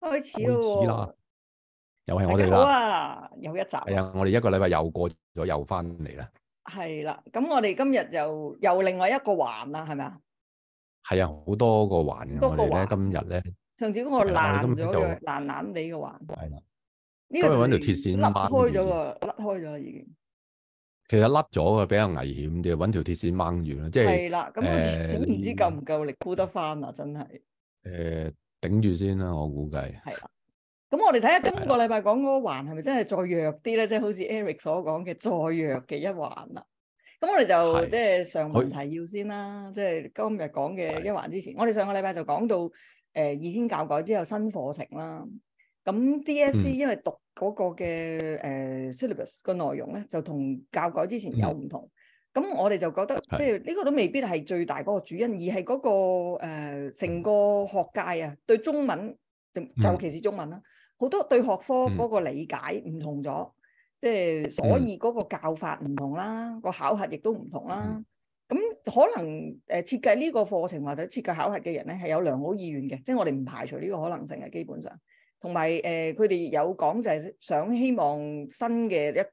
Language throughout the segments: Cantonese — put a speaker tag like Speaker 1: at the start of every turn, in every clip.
Speaker 1: 開始
Speaker 2: 咯，又係我哋啦，好啊，
Speaker 1: 有一集係啊，
Speaker 2: 我哋一個禮拜又過咗，又翻嚟啦。
Speaker 1: 係啦，咁我哋今日又又另外一個環啦，係咪啊？
Speaker 2: 係啊，好多個環嘅我哋咧，今日咧
Speaker 1: 上次嗰個爛咗嘅爛爛地嘅環，係啦，今日搵條鐵線甩開咗個，甩開咗已
Speaker 2: 經。其實甩咗嘅比較危險啲，搵條鐵線掹完啦，即係係啦。咁條鐵線唔知
Speaker 1: 夠唔夠力箍得翻啊？真係誒。
Speaker 2: 頂住先啦、啊，我估計係啦。
Speaker 1: 咁、啊、我哋睇下今個禮拜講嗰一環係咪真係再弱啲咧？即、就、係、是、好似 Eric 所講嘅再弱嘅一環啦。咁我哋就即係上文提要先啦，即係是今日講嘅一環之前。是我哋上個禮拜就講到誒，已、呃、經教改之後新課程啦。咁 DSC 因為讀嗰個嘅誒、嗯呃、syllabus 個內容咧，就同教改之前有唔同。嗯咁我哋就覺得，即係呢個都未必係最大嗰個主因，是而係嗰、嗰個成、呃、個學界啊，對中文就尤其是中文啦、啊，好、嗯、多對學科嗰個理解唔同咗，即係、嗯、所以嗰個教法唔同啦，嗯、個考核亦都唔同啦。咁、嗯、可能誒設計呢個課程或者設計考核嘅人咧，係有良好意願嘅，即、就、係、是、我哋唔排除呢個可能性嘅，基本上。同埋誒，佢哋有講，呃，就係想希望新嘅一代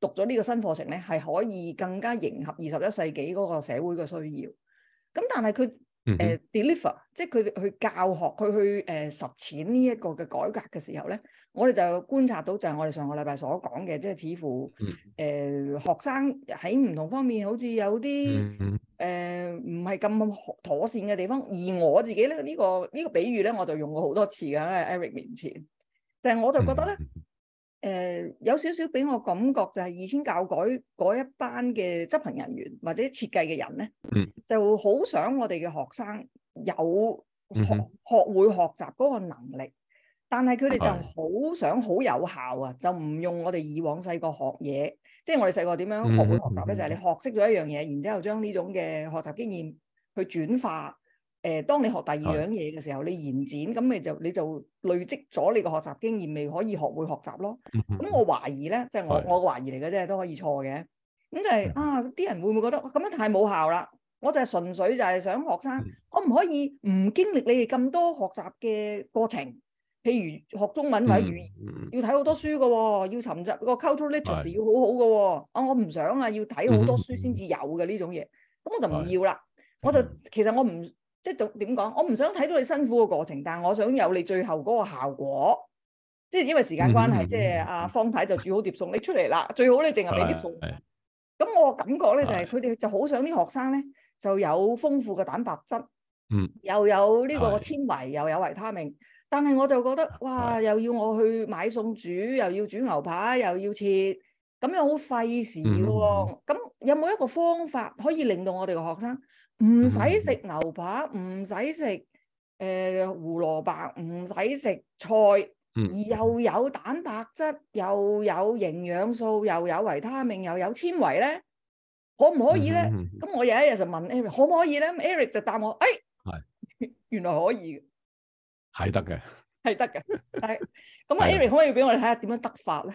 Speaker 1: 讀咗呢個新課程咧，係可以更加迎合二十一世紀嗰個社會嘅需要。咁但係佢。誒、uh huh. uh,，deliver，即係佢哋去教學，佢去誒、uh, 實踐呢一個嘅改革嘅時候咧，我哋就觀察到就係我哋上個禮拜所講嘅，即係似乎誒、uh
Speaker 3: huh.
Speaker 1: 呃、學生喺唔同方面好似有啲誒唔係咁妥善嘅地方。而我自己咧呢個呢個比喻咧，我就用過好多次噶喺 Eric 面前，但係我就覺得咧。Uh huh. 誒，uh, 有少少俾我感覺就係以前教改嗰一班嘅執行人員或者設計嘅人咧，就好想我哋嘅學生有學、mm hmm. 學會學習嗰個能力，但係佢哋就好想好有效啊、oh.，就唔、是、用我哋以往細個學嘢，即係我哋細個點樣學會學習咧，mm hmm. 就係你學識咗一樣嘢，然之後將呢種嘅學習經驗去轉化。誒、呃，當你學第二樣嘢嘅時候，是你延展，咁咪就你就累積咗你嘅學習經驗，未可以學會學習咯。咁、嗯、我懷疑咧，即、就、係、是、我是我嘅懷疑嚟嘅啫，都可以錯嘅。咁就係、是、啊，啲人會唔會覺得咁樣太冇效啦？我就係純粹就係想學生，可唔可以唔經歷你哋咁多學習嘅過程，譬如學中文或者、嗯、語言，要睇好多書嘅喎、哦，要尋習個 cultural literacy 要好好嘅喎。我唔想啊，要睇好多書先至有嘅呢、嗯、種嘢，咁我就唔要啦。是我就其實我唔。即係點講，我唔想睇到你辛苦嘅過程，但係我想有你最後嗰個效果。即係因為時間關係，嗯、即係阿方太就煮好碟餸，拎 出嚟啦。最好你淨係俾碟餸。咁我感覺咧就係佢哋就好想啲學生咧就有豐富嘅蛋白質，嗯，又有呢個纖維，的又有維他命。但係我就覺得哇，的又要我去買餸煮，又要煮牛扒，又要切，咁樣好費事嘅喎。咁、嗯、有冇一個方法可以令到我哋嘅學生？唔使食牛扒，唔使食誒胡蘿蔔，唔使食菜，嗯、而又有蛋白質，又有營養素，又有維他命，又有纖維咧，可唔可以咧？咁、嗯、我有一日就問 Eric 可唔可以咧？Eric 就答我，誒、哎，係是，原來可以，
Speaker 2: 係得嘅，
Speaker 3: 係得嘅，
Speaker 1: 係，咁啊 ，Eric 可唔可以俾我哋睇下點樣得法咧？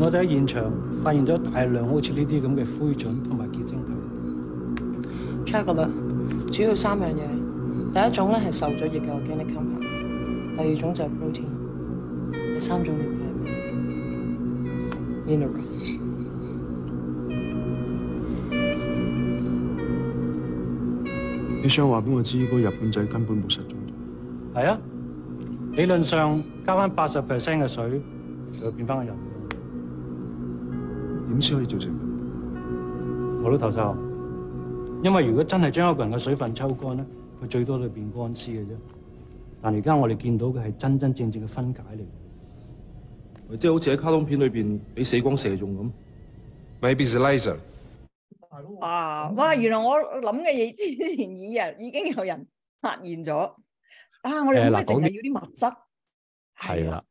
Speaker 2: 我哋喺現場發現咗大量好似呢啲咁嘅灰塵同埋結晶體。
Speaker 1: Check 個樣，主要三樣嘢，第一種是係受咗熱嘅 organic compound，第二種就係 protein，第三種係 mineral。
Speaker 2: 你想話畀我知，嗰個日本仔根本冇失蹤？係啊，理論上加翻八十 percent 嘅水，佢會變翻個人。點先可以做成？我都頭先，因為如果真係將一個人嘅水分抽乾咧，佢最多就變乾屍嘅啫。但而家我哋見到嘅係真真正正嘅分解嚟，即係好似喺卡通片裏邊俾死光射中咁。Maybe the laser。
Speaker 1: 啊！哇！原來我諗嘅嘢之前已人已經有人發現咗。啊！我哋唔係淨係要啲物質。
Speaker 2: 係啦，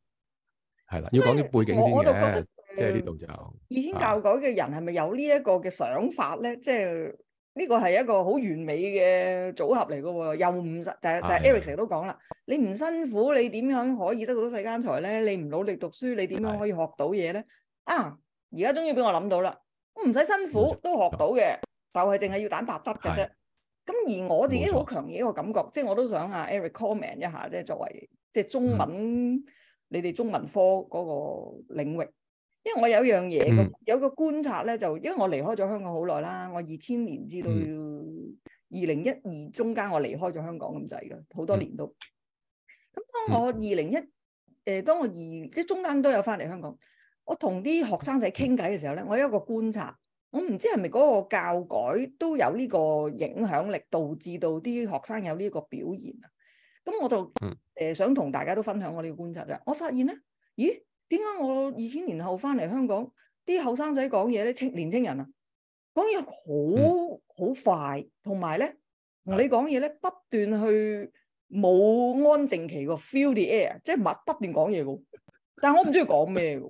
Speaker 2: 係啦，要講啲背景先嘅。即係呢度就，以前教
Speaker 1: 改嘅人係咪有這個想法呢、嗯就是、這是一個嘅想法咧？即係呢個係一個好完美嘅組合嚟噶，又唔就就 Eric 成日都講啦，你唔辛苦你點樣可以得到世間財咧？你唔努力讀書你點樣可以學到嘢咧？的啊，而家終於俾我諗到啦，我唔使辛苦的都學到嘅，就係淨係要蛋白質嘅啫。咁的而我自己好強嘅一個感覺，即、就、係、是、我都想啊 Eric comment 一下咧，作為即係、就是、中文，嗯、你哋中文科嗰個領域。因為我有一樣嘢咁有個觀察咧，嗯、就因為我離開咗香港好耐啦，我二千年至到二零一二中間，我離開咗香港咁滯噶，好多，多年都。
Speaker 3: 咁當我
Speaker 1: 二零一誒，當我二即係中間都有翻嚟香港，我同啲學生仔傾偈嘅時候咧，我有一個觀察，我唔知係咪嗰個教改都有呢個影響力，導致到啲學生有呢個表現啊。咁我就誒、呃、想同大家都分享我呢個觀察嘅，我發現咧，咦？點解我二千年後翻嚟香港啲後生仔講嘢咧？年青人啊，講嘢好好快，同埋咧同你講嘢咧不斷去冇安靜期個、mm. feel the air，即係密不斷講嘢噶。但係我唔知佢講咩噶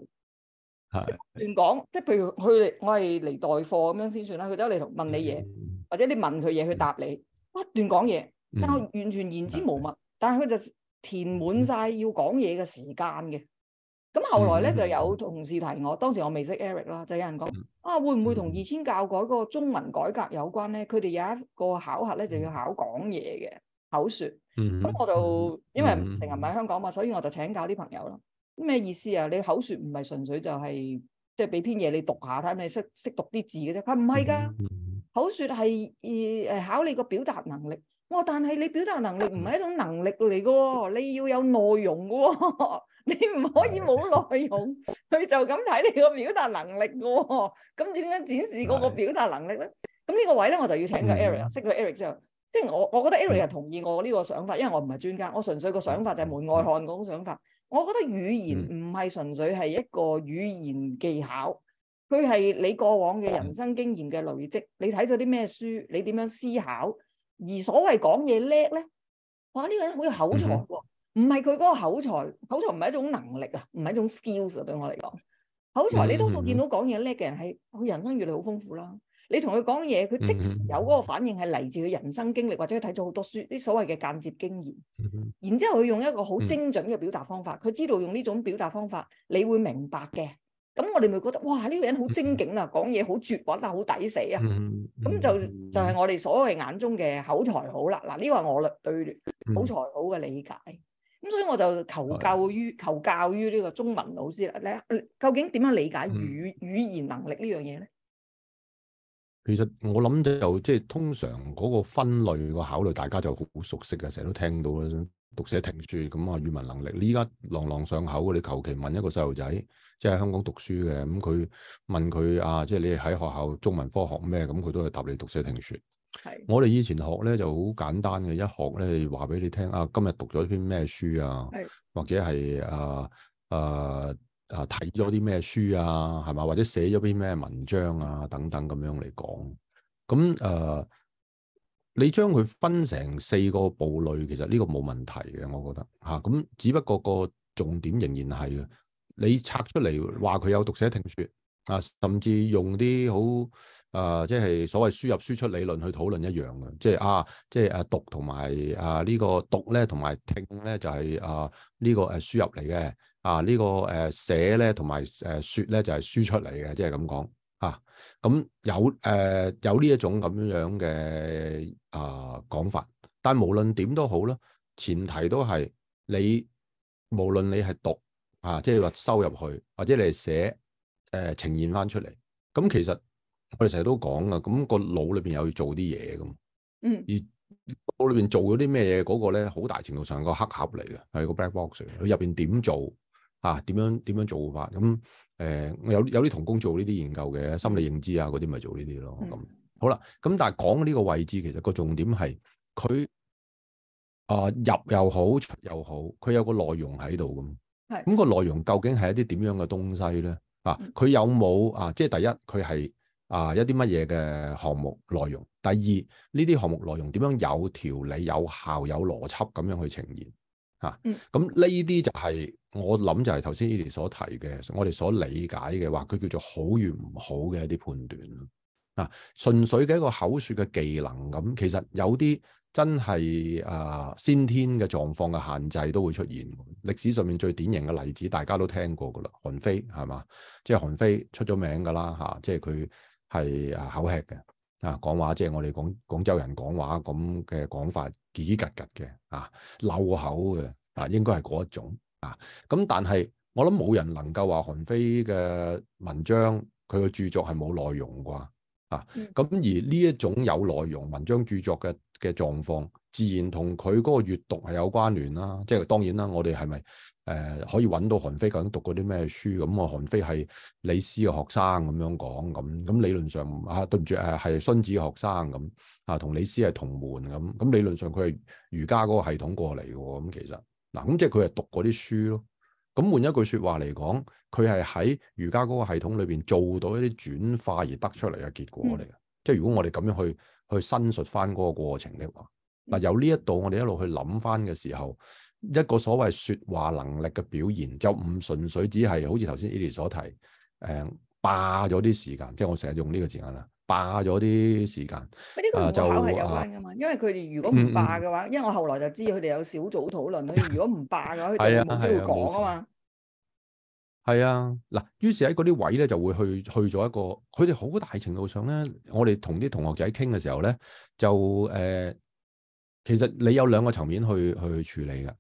Speaker 1: ，mm. 不斷講，即係譬如佢哋，我係嚟代課咁樣先算啦。佢都係嚟問你嘢，mm. 或者你問佢嘢，佢答你，不斷講嘢，但係完全言之無物。Mm. 但係佢就填滿晒要講嘢嘅時間嘅。咁後來咧就有同事提我，當時我未識 Eric 啦，就有人講：啊，會唔會同二千教改個中文改革有關咧？佢哋有一個考核咧，就要考講嘢嘅口説。咁、嗯、我就因為成日唔喺香港嘛，所以我就請教啲朋友咯。咩意思啊？你口説唔係純粹就係即係俾篇嘢你讀一下，睇下你識識讀啲字嘅啫。佢唔係㗎，口説係誒考你個表達能力。哇、哦！但係你表達能力唔係一種能力嚟嘅喎，你要有內容嘅喎、哦。你唔可以冇內容，佢就咁睇你個表達能力嘅喎，咁點樣展示嗰個表達能力咧？咁呢個位咧，我就要請個 Eric，啊。識咗 Eric 之後，嗯、即係我我覺得 Eric 係同意我呢個想法，因為我唔係專家，我純粹個想法就係門外漢嗰種想法。嗯、我覺得語言唔係純粹係一個語言技巧，佢係你過往嘅人生經驗嘅累積，你睇咗啲咩書，你點樣思考，而所謂講嘢叻咧，哇呢、呢個人好有口才、哦嗯唔係佢嗰個口才，口才唔係一種能力啊，唔係一種 skills 啊。對我嚟講，
Speaker 2: 口才你多數見到
Speaker 1: 講嘢叻嘅人係佢人生閱歷好豐富啦。你同佢講嘢，佢即時有嗰個反應係嚟自佢人生經歷，或者佢睇咗好多書啲所謂嘅間接經驗。然之後佢用一個好精準嘅表達方法，佢知道用呢種表達方法，你會明白嘅。咁我哋咪覺得哇，呢、這個人好精警啊，講嘢好絕喎，但好抵死啊。咁就就係、是、我哋所謂眼中嘅口才好啦。嗱、這、呢個係我對口才好嘅理解。咁所以我就求教於的求教於呢個中文老師啦。你究竟點樣理解語、嗯、語言能力呢樣嘢咧？
Speaker 2: 其實我諗就即係、就是、通常嗰個分類、那個考慮，大家就好熟悉嘅，成日都聽到啦。讀寫聽說咁啊，語文能力，你依家朗朗上口，你求其問一個細路仔，即、就、係、是、香港讀書嘅，咁佢問佢啊，即、就、係、是、你喺學校中文科學咩？咁佢都係答你讀寫聽說。係，是我哋以前學咧就好簡單嘅，一學咧話俾你聽啊，今日讀咗篇咩書啊，是或者係啊啊啊睇咗啲咩書啊，係嘛，或者寫咗篇咩文章啊，等等咁樣嚟講。咁誒、啊，你將佢分成四個部類，其實呢個冇問題嘅，我覺得吓。咁、啊、只不過個重點仍然係，你拆出嚟話佢有讀寫聽說啊，甚至用啲好。誒，即係、呃就是、所謂輸入輸出理論去討論一樣嘅，即、就、係、是、啊，即係誒讀同埋啊呢、這個讀咧，同埋聽咧就係啊呢個誒輸入嚟嘅，啊呢、這個誒寫咧同埋誒說咧就係輸出嚟嘅，即係咁講啊。咁、這個啊就是啊、有誒、啊、有呢一種咁樣嘅啊講法，但係無論點都好啦，前提都係你無論你係讀啊，即係話收入去，或者你係寫誒呈現翻出嚟，咁其實。我哋成日都講噶，咁個腦裏邊有要做啲嘢噶嘛？嗯，而腦裏邊做咗啲咩嘢？嗰個咧，好大程度上個黑盒嚟嘅，係個 black box。佢入邊點做啊？點樣點樣做法？咁誒、呃，有有啲同工做呢啲研究嘅，心理認知啊嗰啲，咪做呢啲咯。咁、嗯、好啦，咁但係講呢個位置，其實個重點係佢啊入又好，出又好，佢有個內容喺度咁。咁是個內容究竟係一啲點樣嘅東西咧？啊，佢有冇、嗯、啊？即係第一，佢係。啊！一啲乜嘢嘅項目內容，第二呢啲項目內容點樣有條理、有效、有邏輯咁樣去呈現嚇？咁呢啲就係、是、我諗就係頭先 Eddie 所提嘅，我哋所理解嘅話，佢叫做好與唔好嘅一啲判斷啊！純粹嘅一個口説嘅技能咁，其實有啲真係、啊、先天嘅狀況嘅限制都會出現。歷史上面最典型嘅例子大家都聽過㗎啦，韓非係嘛？即係韓非出咗名㗎啦、啊、即係佢。係啊，口吃嘅，啊講話，即係、就是、我哋講廣州人講話咁嘅講法，幾吉吉嘅、結結㗎嘅、啊漏口嘅，啊應該係嗰一種啊咁，但係我諗冇人能夠話韓非嘅文章佢嘅著作係冇內容啩，啊咁，而呢一種有內容文章著作嘅嘅狀況，自然同佢嗰個閲讀係有關聯啦。即、就、係、是、當然啦，我哋係咪？誒、呃、可以揾到韓非究竟讀過啲咩書咁啊、嗯？韓非係李斯嘅學生咁樣講咁，咁、嗯嗯、理論上嚇、啊、對唔住誒，係荀子嘅學生咁嚇，嗯啊、和是同李斯係同門咁，咁、嗯嗯、理論上佢係儒家嗰個系統過嚟嘅喎，咁、嗯、其實嗱，咁、啊嗯、即係佢係讀過啲書咯。咁、嗯、換一句説話嚟講，佢係喺儒家嗰個系統裏邊做到一啲轉化而得出嚟嘅結果嚟嘅。嗯、即係如果我哋咁樣去去申述翻嗰個過程的話，嗱由呢一度我哋一路去諗翻嘅時候。一個所謂說話能力嘅表現，就唔純粹只係好似頭先 Eddy 所提，誒、嗯、霸咗啲時間，即係我成日用呢個字眼啦，霸咗啲時間。呢、嗯啊、個就係有關噶嘛？啊、因為佢哋
Speaker 1: 如果唔霸嘅話，嗯、因為我後來就知佢哋有小組討論，佢哋、嗯嗯、如果唔霸
Speaker 2: 嘅話，佢哋冇嘢講啊，啊嘛。係啊，嗱，於是喺嗰啲位咧就會去去咗一個，佢哋好大程度上咧，我哋同啲同學仔傾嘅時候咧，就誒、呃，其實你有兩個層面去去處理噶。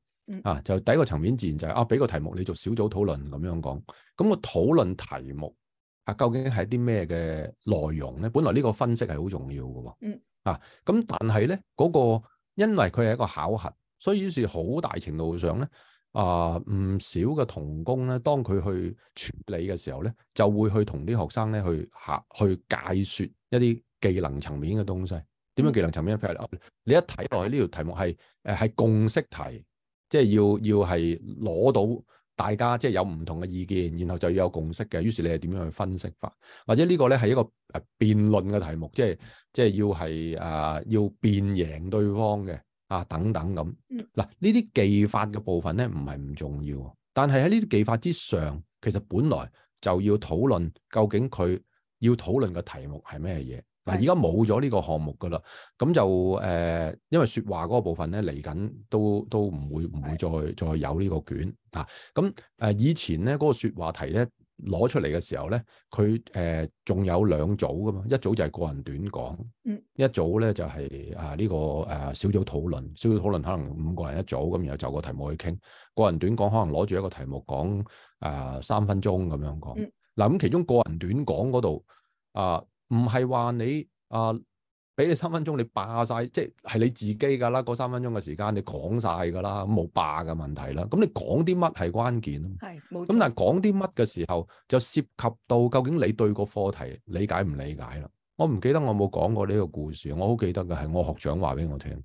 Speaker 2: 啊，就第一個層面自然就係、是、啊，俾個題目你做小組討論咁樣講。咁、那個討論題目啊，究竟係啲咩嘅內容咧？本來呢個分析係好重要嘅喎。嗯。啊，咁但係咧嗰個，因為佢係一個考核，所以於是好大程度上咧啊，唔少嘅同工咧，當佢去處理嘅時候咧，就會去同啲學生咧去嚇去解説一啲技能層面嘅東西。點樣技能層面？譬如你一睇落去呢條題目係誒係共識題。即係要要係攞到大家即係有唔同嘅意見，然後就要有共識嘅。於是你係點樣去分析法，或者呢個咧係一個誒辯論嘅題目，即係即係要係誒、呃、要辯贏對方嘅啊等等咁。嗱呢啲技法嘅部分咧唔係唔重要，但係喺呢啲技法之上，其實本來就要討論究竟佢要討論嘅題目係咩嘢。嗱，而家冇咗呢個項目㗎啦，咁就誒、呃，因為説話嗰個部分咧嚟緊都都唔會唔會再再有呢個卷啊。咁誒、呃、以前咧嗰、那個説話題咧攞出嚟嘅時候咧，佢誒仲有兩組噶嘛，一組就係個人短講，嗯，一組咧就係、是、啊呢、這個誒、啊、小組討論，小組討論可能五個人一組咁，然後就個題目去傾。個人短講可能攞住一個題目講誒、啊、三分鐘咁樣講。嗱、啊，咁其中個人短講嗰度啊。唔係話你啊，俾你三分鐘，你霸晒，即係你自己噶啦。嗰三分鐘嘅時間，你講晒噶啦，冇霸嘅問題啦。咁你講啲乜係關鍵啊？係。咁但係講啲乜嘅時候，就涉及到究竟你對個課題理解唔理解啦。我唔記得我冇講過呢個故事，我好記得嘅係我學長話俾我聽，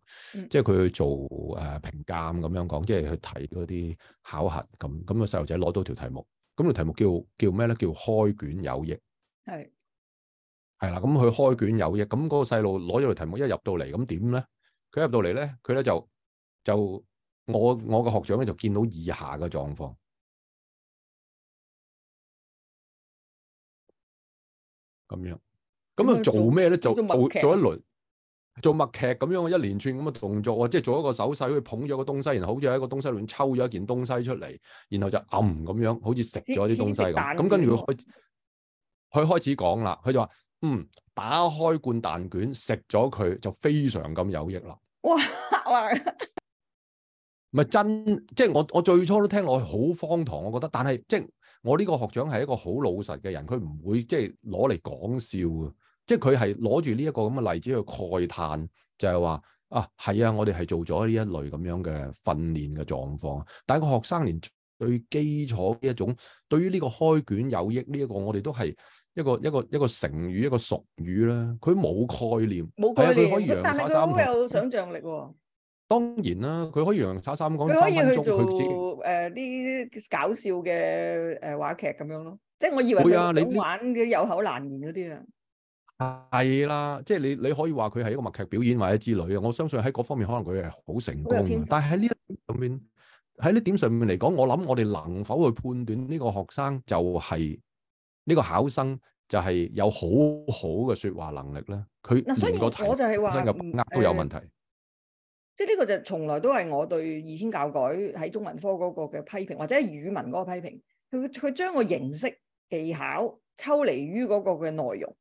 Speaker 2: 即係佢做誒、呃、評鑑咁樣講，即係去睇嗰啲考核咁。咁個細路仔攞到條題目，咁條題目叫叫咩咧？叫開卷有益。係。係啦，咁佢開卷有益，咁、那、嗰個細路攞咗條題目一入到嚟，咁點咧？佢入到嚟咧，佢咧就就我我個學長咧就見到以下嘅狀況，咁樣，咁啊做咩咧？做做做，做一輪做默劇咁樣一連串咁嘅動作啊，即、就、係、是、做一個手勢，佢捧咗個東西，然後好似喺個東西裏抽咗一件東西出嚟，然後就暗咁樣，好似食咗啲東西咁，咁跟住佢開佢開始講啦，佢就話。嗯，打開罐蛋卷食咗佢就非常咁有益啦。
Speaker 3: 哇，唔
Speaker 2: 係真即係我我最初都聽落去好荒唐，我覺得。但係即係我呢個學長係一個好老實嘅人，佢唔會即係攞嚟講笑嘅。即係佢係攞住呢一個咁嘅例子去慨嘆，就係話啊係啊，我哋係做咗呢一類咁樣嘅訓練嘅狀況。但係個學生連最基礎呢一種，對於呢個開卷有益呢一個，我哋都係。一個一個一個成語一個俗語啦，佢冇概念，冇概念，啊、可以三但係佢都有
Speaker 1: 想像力喎、
Speaker 2: 啊。當然啦、啊，佢可以用差三講三分鐘。佢可以去做
Speaker 1: 啲、呃、搞笑嘅誒、呃、話劇咁樣咯，即係我以為會啊，你玩嘅有口難言嗰啲
Speaker 2: 啊，係、就、啦、是，即係你你可以話佢係一個默劇表演或者之類嘅，我相信喺嗰方面可能佢係好成功。但係喺呢一面，喺呢點上面嚟講，我諗我哋能否去判斷呢個學生就係、是？呢個考生就係有好好嘅説話能力咧，佢所以我就係話呃都有問題，
Speaker 1: 即係呢個就從來都係我對二千教改喺中文科嗰個嘅批評，或者係語文嗰個批評，佢佢將個形式技巧抽離於嗰個嘅內容，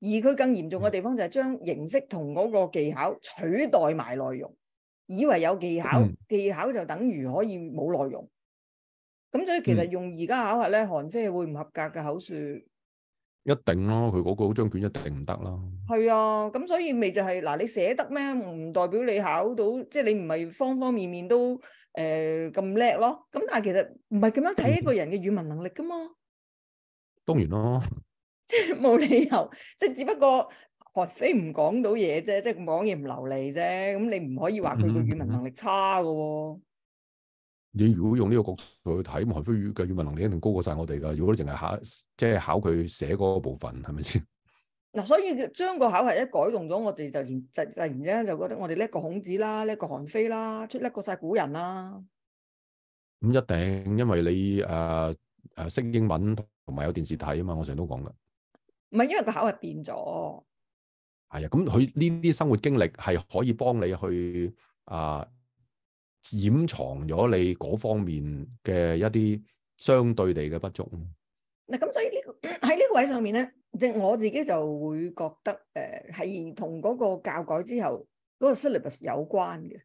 Speaker 1: 而佢更嚴重嘅地方就係將形式同嗰個技巧取代埋內容，以為有技巧，嗯、技巧就等於可以冇內容。咁所以其實用而家考法咧，韓非係會唔合格嘅口說，
Speaker 2: 一定咯，佢嗰個張卷一定唔得咯。
Speaker 1: 係啊，咁所以咪就係嗱，你寫得咩？唔代表你考到，即係你唔係方方面面都誒咁叻咯。咁但係其實唔係咁樣睇一個人嘅語文能力噶嘛。
Speaker 2: 當然咯，
Speaker 1: 即係冇理由，即係只不過韓非唔講到嘢啫，即係講嘢唔流利啫。咁你唔可以話佢個語文能力差嘅喎。
Speaker 2: 你如果用呢個角度去睇，韓非嘅語文能力一定高過晒我哋噶。如果你淨係考，即係考佢寫嗰個部分，係咪先？
Speaker 1: 嗱，所以將個考題一改動咗，我哋就然就突然之間就覺得我哋叻過孔子啦，叻過韓非啦，出叻過晒古人啦。
Speaker 2: 咁一定，因為你誒誒識英文同埋有，有電視睇啊嘛，我成日都講噶。
Speaker 1: 唔係，因為個考題變咗。係
Speaker 2: 啊，咁佢呢啲生活經歷係可以幫你去啊。呃掩藏咗你嗰方面嘅一啲相對地嘅不足。嗱，
Speaker 1: 咁所以呢喺呢個位上面咧，即係我自己就會覺得誒係同嗰個教改之後嗰個 syllabus 有關嘅。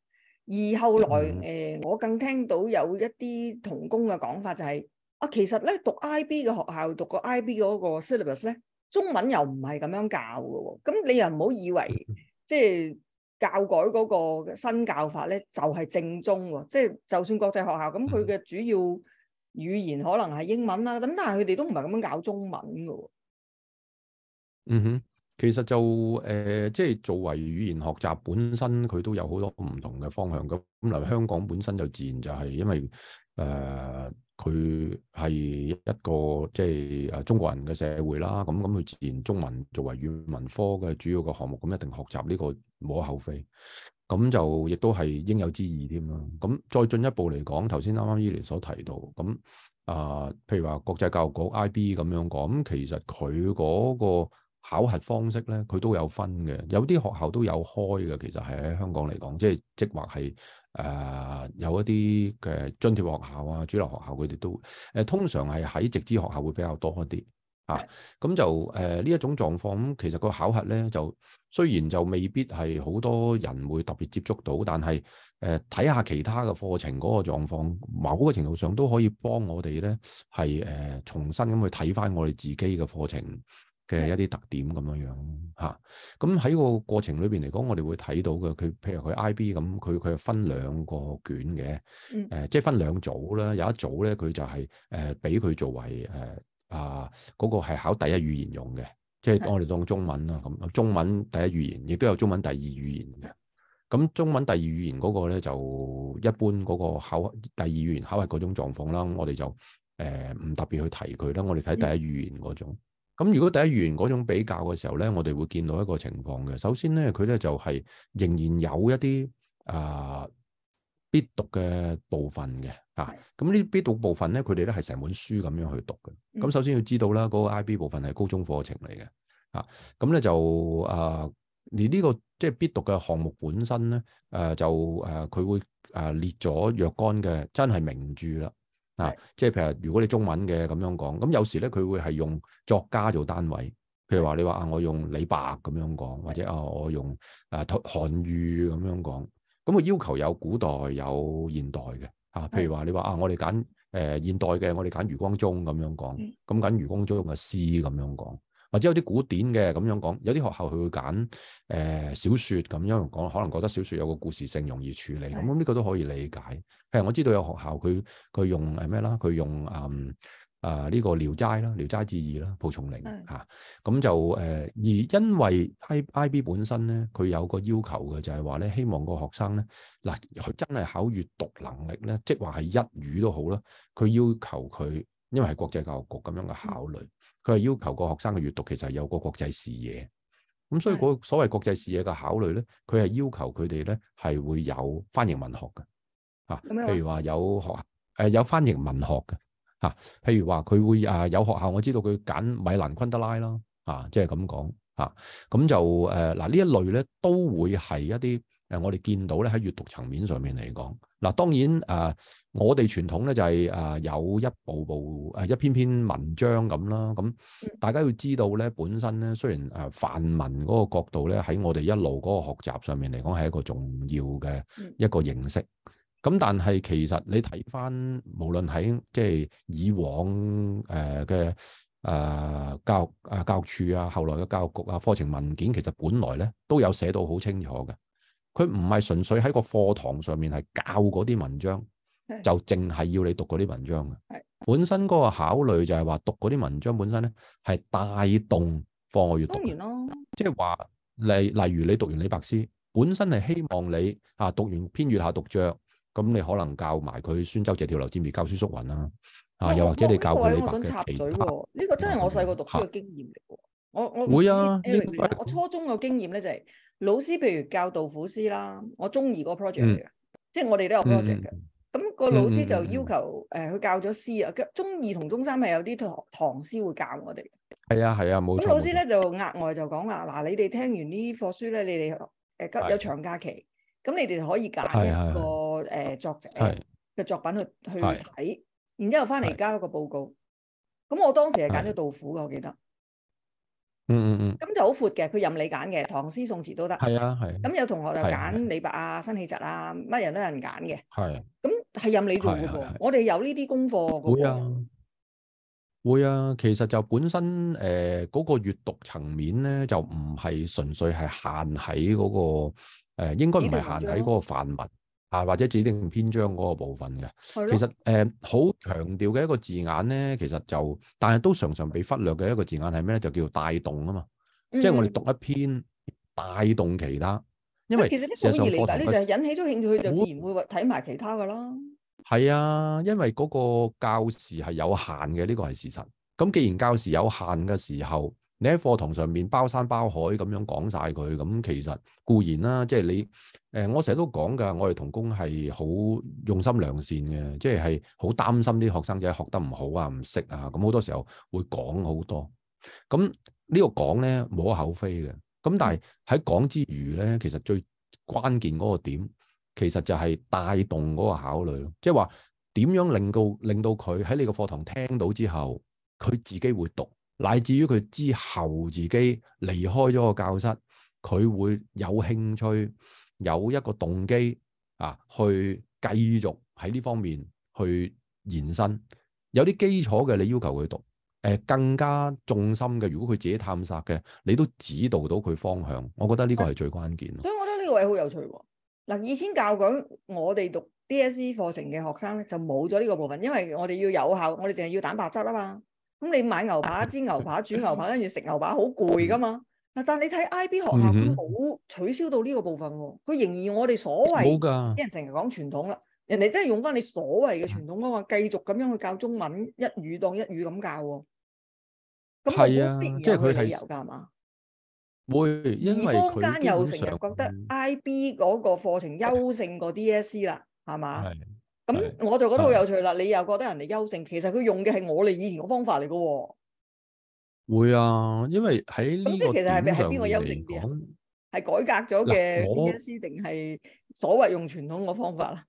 Speaker 1: 而後來誒我更聽到有一啲同工嘅講法，就係啊，其實咧，讀 IB 嘅學校讀個 IB 嗰個 syllabus 咧，中文又唔係咁樣教嘅喎。咁你又唔好以為即係。教改嗰個新教法咧，就係正宗喎，即係就算國際學校，咁佢嘅主要語言可能係英文啦，咁、嗯、但係佢哋都唔係咁樣教中文噶。
Speaker 2: 嗯哼，其實就誒，即、呃、係、就是、作為語言學習本身，佢都有好多唔同嘅方向。咁咁嚟香港本身就自然就係、是、因為誒，佢、呃、係一個即係誒中國人嘅社會啦，咁咁佢自然中文作為語文科嘅主要嘅項目，咁一定學習呢、這個。冇可厚非，咁就亦都係應有之義添啦。咁再進一步嚟講，頭先啱啱依連所提到，咁啊、呃，譬如話國際教育局 IB 咁樣講，咁其實佢嗰個考核方式咧，佢都有分嘅。有啲學校都有開嘅，其實係喺香港嚟講，即係即或係誒有一啲嘅津貼學校啊、主流學校，佢哋都誒通常係喺直資學校會比較多一啲啊。咁就誒呢一種狀況，咁其實個考核咧就～雖然就未必係好多人會特別接觸到，但係誒睇下其他嘅課程嗰個狀況，某個程度上都可以幫我哋咧係誒重新咁去睇返我哋自己嘅課程嘅一啲特點咁樣樣嚇。咁喺、嗯啊、個過程裏邊嚟講，我哋會睇到嘅佢，譬如佢 IB 咁，佢佢係分兩個卷嘅，誒、嗯呃、即係分兩組啦。有一組咧，佢就係誒俾佢作為誒、呃、啊嗰、嗰個係考第一語言用嘅。即係我哋當中文啦，咁中文第一語言亦都有中文第二語言嘅。咁中文第二語言嗰個咧就一般嗰個考第二語言考係嗰種狀況啦。我哋就誒唔、呃、特別去提佢啦。我哋睇第一語言嗰種咁，如果第一語言嗰種比較嘅時候咧，我哋會見到一個情況嘅。首先咧，佢咧就係、是、仍然有一啲啊、呃、必讀嘅部分嘅。啊，咁呢必讀部分咧，佢哋咧係成本書咁樣去讀嘅。咁首先要知道啦，嗰，那個 IB 部分係高中課程嚟嘅。啊，咁咧就啊，你呢，這個即係，就是，必讀嘅項目本身咧，就誒佢會列咗若干嘅真係名著啦。啊，啊啊是的 啊即係譬如如果你中文嘅咁樣講，咁有時咧佢會係用作家做單位，譬如話你話啊，我用李白咁樣講，或者啊我用誒，啊、韓愈咁樣講，咁佢要求有古代有現代嘅。啊，譬如話你話啊，我哋揀誒現代嘅，我哋揀余光中咁樣講，咁揀余光中用嘅詩咁樣講，或者有啲古典嘅咁樣講，有啲學校佢會揀、呃、小説咁樣講，可能覺得小説有個故事性容易處理，咁呢是的 個都可以理解。譬如我知道有學校佢佢用咩啦？佢用、嗯啊！呢、這個《聊齋》啦，《聊齋志異》啦，《蒲松齡》嚇的，咁、啊、就誒、呃。而因為 IB 本身咧，佢有個要求嘅，就係話咧，希望個學生咧，嗱、啊、真係考閱讀能力咧，即係話係一語都好啦。佢要求佢，因為係國際教育局咁樣嘅考慮，佢係的要求個學生嘅閱讀其實係有個國際視野。咁所以所謂國際視野嘅考慮咧，佢係要求佢哋咧係會有翻譯文學嘅嚇，啊、的譬如話有學誒、呃、有翻譯文學嘅。吓、啊，譬如話佢會啊有學校，我知道佢揀米蘭昆德拉啦，吓、啊，即係咁講吓，咁、啊、就誒嗱呢一類咧都會係一啲誒、啊、我哋見到咧喺閱讀層面上面嚟講，嗱、啊、當然誒、啊、我哋傳統咧就係、是、誒、啊、有一部部誒一篇，篇篇文章咁啦，咁大家要知道咧本身咧雖然誒範、啊、文嗰個角度咧喺我哋一路嗰個學習上面嚟講係一個重要嘅一個形式。嗯咁但係其實你睇翻，無論喺即係以往誒嘅誒教誒教育處啊，後來嘅教育局啊，課程文件其實本來咧都有寫到好清楚嘅。佢唔係純粹喺個課堂上面係教嗰啲文章，就淨係要你讀嗰啲文章嘅。本身嗰個考慮就係話讀嗰啲文章本身咧係帶動課外閱讀，即係話，例例如你讀完李白詩，本身係希望你啊讀完篇月下獨酌。咁你可能教埋佢宣州謝朓樓餞別校書叔雲啦。啊，又或者你教過李白嘅？呢個真係我細個讀書嘅
Speaker 1: 經驗嚟喎。我我會啊，我初中嘅經驗咧就係老師，譬如教杜甫詩啦，我中二個 project 嚟嘅，即係我哋都有 project 嘅。咁個老師就要求誒，佢教咗詩啊，中二同中三係有啲唐唐詩會教我哋
Speaker 2: 嘅。係啊，係啊，冇錯。咁老師咧
Speaker 1: 就額外就講啦，嗱，你哋聽完呢課書咧，你哋誒有長假期，咁你哋可以揀一個。誒，作者嘅作品去去睇，然之後翻嚟交個報告。咁我當時係揀咗杜甫㗎，我記得。
Speaker 3: 嗯嗯嗯。咁
Speaker 1: 就好闊嘅，佢任你揀嘅，唐詩宋詞都得。係啊係。咁有同學就揀李白啊、辛棄疾啊，乜人都有人揀嘅。
Speaker 2: 係。咁
Speaker 1: 係任你做。我哋有呢啲功課。會啊，
Speaker 2: 會啊，其實就本身誒嗰個閱讀層面咧，就唔係純粹係限喺嗰個誒，應該唔係限喺嗰個範文。啊，或者指定篇章嗰個部分嘅，的其實誒好、呃、強調嘅一個字眼咧，其實就但係都常常被忽略嘅一個字眼係咩咧？就叫做帶動啊嘛，嗯、
Speaker 1: 即係我哋讀
Speaker 2: 一篇帶動其他，因為時候、嗯、其實呢種而嚟講咧，就引
Speaker 1: 起咗興趣，佢就自然會睇埋其他噶啦。
Speaker 2: 係啊，因為嗰個教時係有限嘅，呢、呢個係事實。咁既然教時有限嘅時候。你喺課堂上面包山包海咁樣講晒佢，咁其實固然啦，啊，即，就，係，是，你誒、呃，我成日都講噶，我哋同工係好用心良善嘅，即係好擔心啲學生仔學得唔好啊，唔識啊，咁好多時候會講好多。咁呢個講咧冇可厚非嘅，咁但係喺講之餘咧，其實最關鍵嗰個點，其實就係帶動嗰個考慮咯，即係話點樣令到令到佢喺你個課堂聽到之後，佢自己會讀。乃至於佢之後自己離開咗個教室，佢會有興趣，有一個動機啊，去繼續喺呢方面去延伸。有啲基礎嘅你要求佢讀、呃，更加重心嘅，如果佢自己探索嘅，你都指導到佢方向。我覺得呢個係最關
Speaker 1: 鍵、啊。所以我覺得呢個位好有趣喎。嗱，以前教講我哋讀 DSE 課程嘅學生咧，就冇咗呢個部分，因為我哋要有效，我哋淨係要蛋白質啊嘛。咁你買牛扒、煎牛扒、煮牛扒，跟住食牛扒好攰噶嘛？嗱，但你睇 IB 學校咁冇取消到呢個部分喎，佢仍然我哋所謂啲人成日講傳統啦，人哋真係用翻你所謂嘅傳統嗰個，繼續咁樣去教中文一語當一語咁教喎。係啊，即係佢嘛。
Speaker 2: 會，因為坊間又成日覺得
Speaker 1: IB 嗰個課程優勝過 DSE 啦的，係嘛吧？咁我就覺得好有趣啦，你又覺得人哋優勝，其實佢用嘅係我哋以前嘅方法嚟嘅喎。
Speaker 2: 會啊，因為喺呢個所以其實係邊個優勝嘅？
Speaker 1: 係改革咗嘅 P.C.S. 定係所謂用傳統嘅方法啦？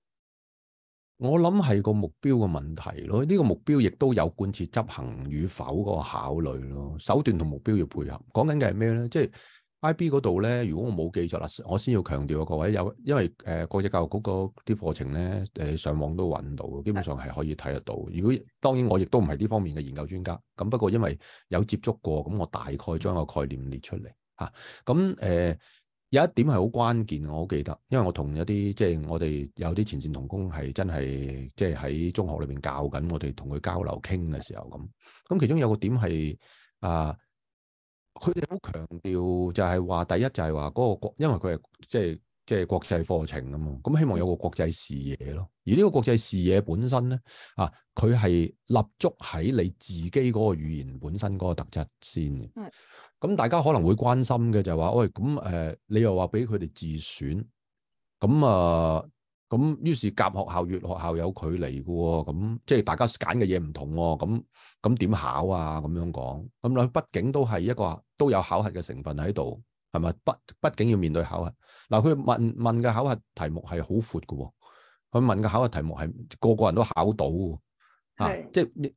Speaker 2: 我諗係個目標嘅問題咯，呢個目標亦都有貫徹執行與否嗰個考慮咯，手段同目標要配合。講緊嘅係咩咧？即係。I B 嗰度咧，如果我冇記錯啦，我先要強調啊，各位有，因為誒、呃、國際教育局嗰啲課程咧、呃，上網都揾到，基本上係可以睇得到。如果當然我亦都唔係呢方面嘅研究專家，咁不過因為有接觸過，咁我大概將個概念列出嚟吓。咁、啊呃、有一點係好關鍵，我記得，因為我同一啲即係我哋有啲前線同工係真係即係喺中學裏面教緊，我哋同佢交流傾嘅時候咁。咁其中有個點係啊～佢哋好強調就係話，第一就係話嗰個國，因為佢係即係即係國際課程啊嘛，咁希望有個國際視野咯。而呢個國際視野本身咧，啊，佢係立足喺你自己嗰個語言本身嗰個特質先嘅。咁大家可能會關心嘅就係話，喂，咁誒，你又話俾佢哋自選，咁啊？咁於是甲學校與學校有距離嘅喎，咁即係大家揀嘅嘢唔同喎，咁咁點考啊？咁樣講，咁啦，畢竟都係一個都有考核嘅成分喺度，係咪？畢畢竟要面對考核。嗱、啊，佢問問嘅考核題目係好闊㗎喎，佢問嘅考核題目係個個人都考到嘅，的啊，即係。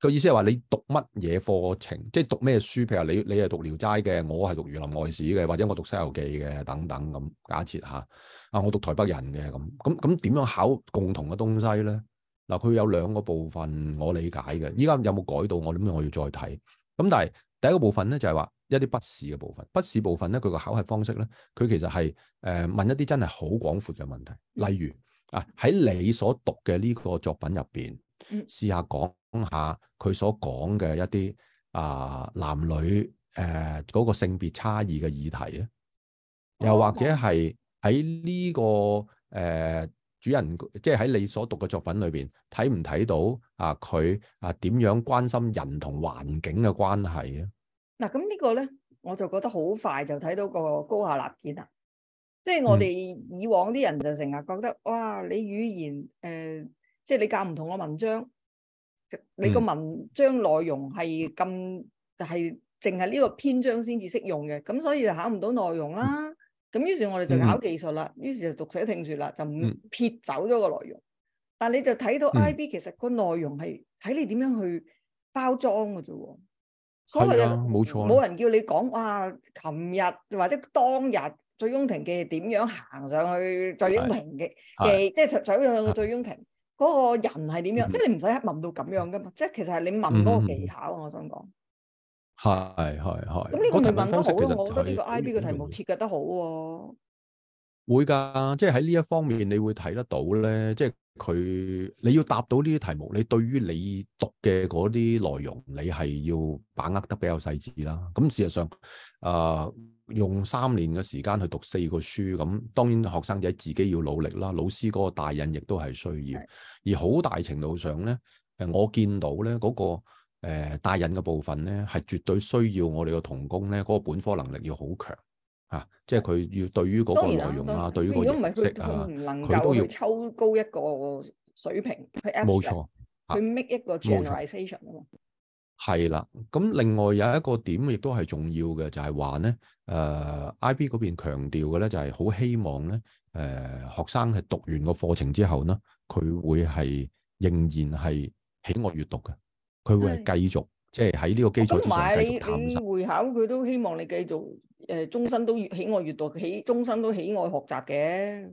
Speaker 2: 個意思係話你讀乜嘢課程，即係讀咩書？譬如話你你係讀聊齋嘅，我係讀儒林外史嘅，或者我讀西遊記嘅等等咁假設吓，啊我讀台北人嘅咁咁咁點樣考共同嘅東西咧？嗱，佢有兩個部分我理解嘅，依家有冇改到我點我要再睇？咁但係第一個部分咧就係話一啲筆試嘅部分，筆試部分咧佢個考核方式咧，佢其實係誒問一啲真係好廣闊嘅問題，例如啊喺你所讀嘅呢個作品入邊。試、嗯、下講下佢所講嘅一啲啊男女誒嗰、啊那個性別差異嘅議題咧，又或者係喺呢個誒、啊、主人，即係喺你所讀嘅作品裏邊睇唔睇到啊？佢啊點樣關心人同環境嘅關係
Speaker 1: 咧？嗱，咁呢個咧，我就覺得好快就睇到個高下立見啦。即、就、係、是、我哋以往啲人就成日覺得、嗯、哇，你語言誒。呃即係你教唔同嘅文章，你個文章內容係咁係淨係呢個篇章先至適用嘅，咁所以就考唔到內容啦。咁、嗯、於是我哋就搞技術啦，嗯、於是就讀寫聽說啦，就撇走咗個內容。嗯、但你就睇到 IB 其實個內容係睇你點樣去包裝嘅啫。嗯、所以冇、啊、錯，冇人叫你講哇，琴日或者當日醉翁亭記點樣行上去醉翁亭嘅記，即係走上去醉翁亭。的嗰個人係點樣？嗯、即係你唔使問到咁樣噶嘛？即係其實係你問嗰個技巧啊！嗯、我
Speaker 2: 想講，係係係。咁呢個你問，問得好，我覺得呢個
Speaker 1: IB 嘅題目設計會得，得好喎、啊。
Speaker 2: 會㗎，即係喺呢一方面你會睇得到咧。即係佢你要答到呢啲題目，你對於你讀嘅嗰啲內容，你係要把握得比較細緻啦。咁事實上，啊、呃。嗯用三年嘅時間去讀四個書，咁當然學生仔自己要努力啦，老師嗰個帶引亦都係需要。的而好大程度上咧，誒我見到咧嗰、那個誒帶、呃、引嘅部分咧，係絕對需要我哋個同工咧嗰、那個本科能力要好強啊！即係佢要對於嗰個內容啊，對於那個知識能佢都要
Speaker 1: 抽高一個水平，佢冇錯，佢 make 一個 generalization 啊嘛。
Speaker 2: 係啦，咁另外有一個點，亦都係重要嘅，就係話咧，誒，I B 嗰邊強調嘅咧，的就係好希望咧，誒、呃，學生係讀完個課程之後咧，佢會係仍然係喜愛閱讀嘅，佢會係繼續即係喺呢個基礎之上繼續探索。
Speaker 1: 會考佢都希望你繼續誒，終、呃、身都喜愛閱讀，喜終身都喜愛學習嘅。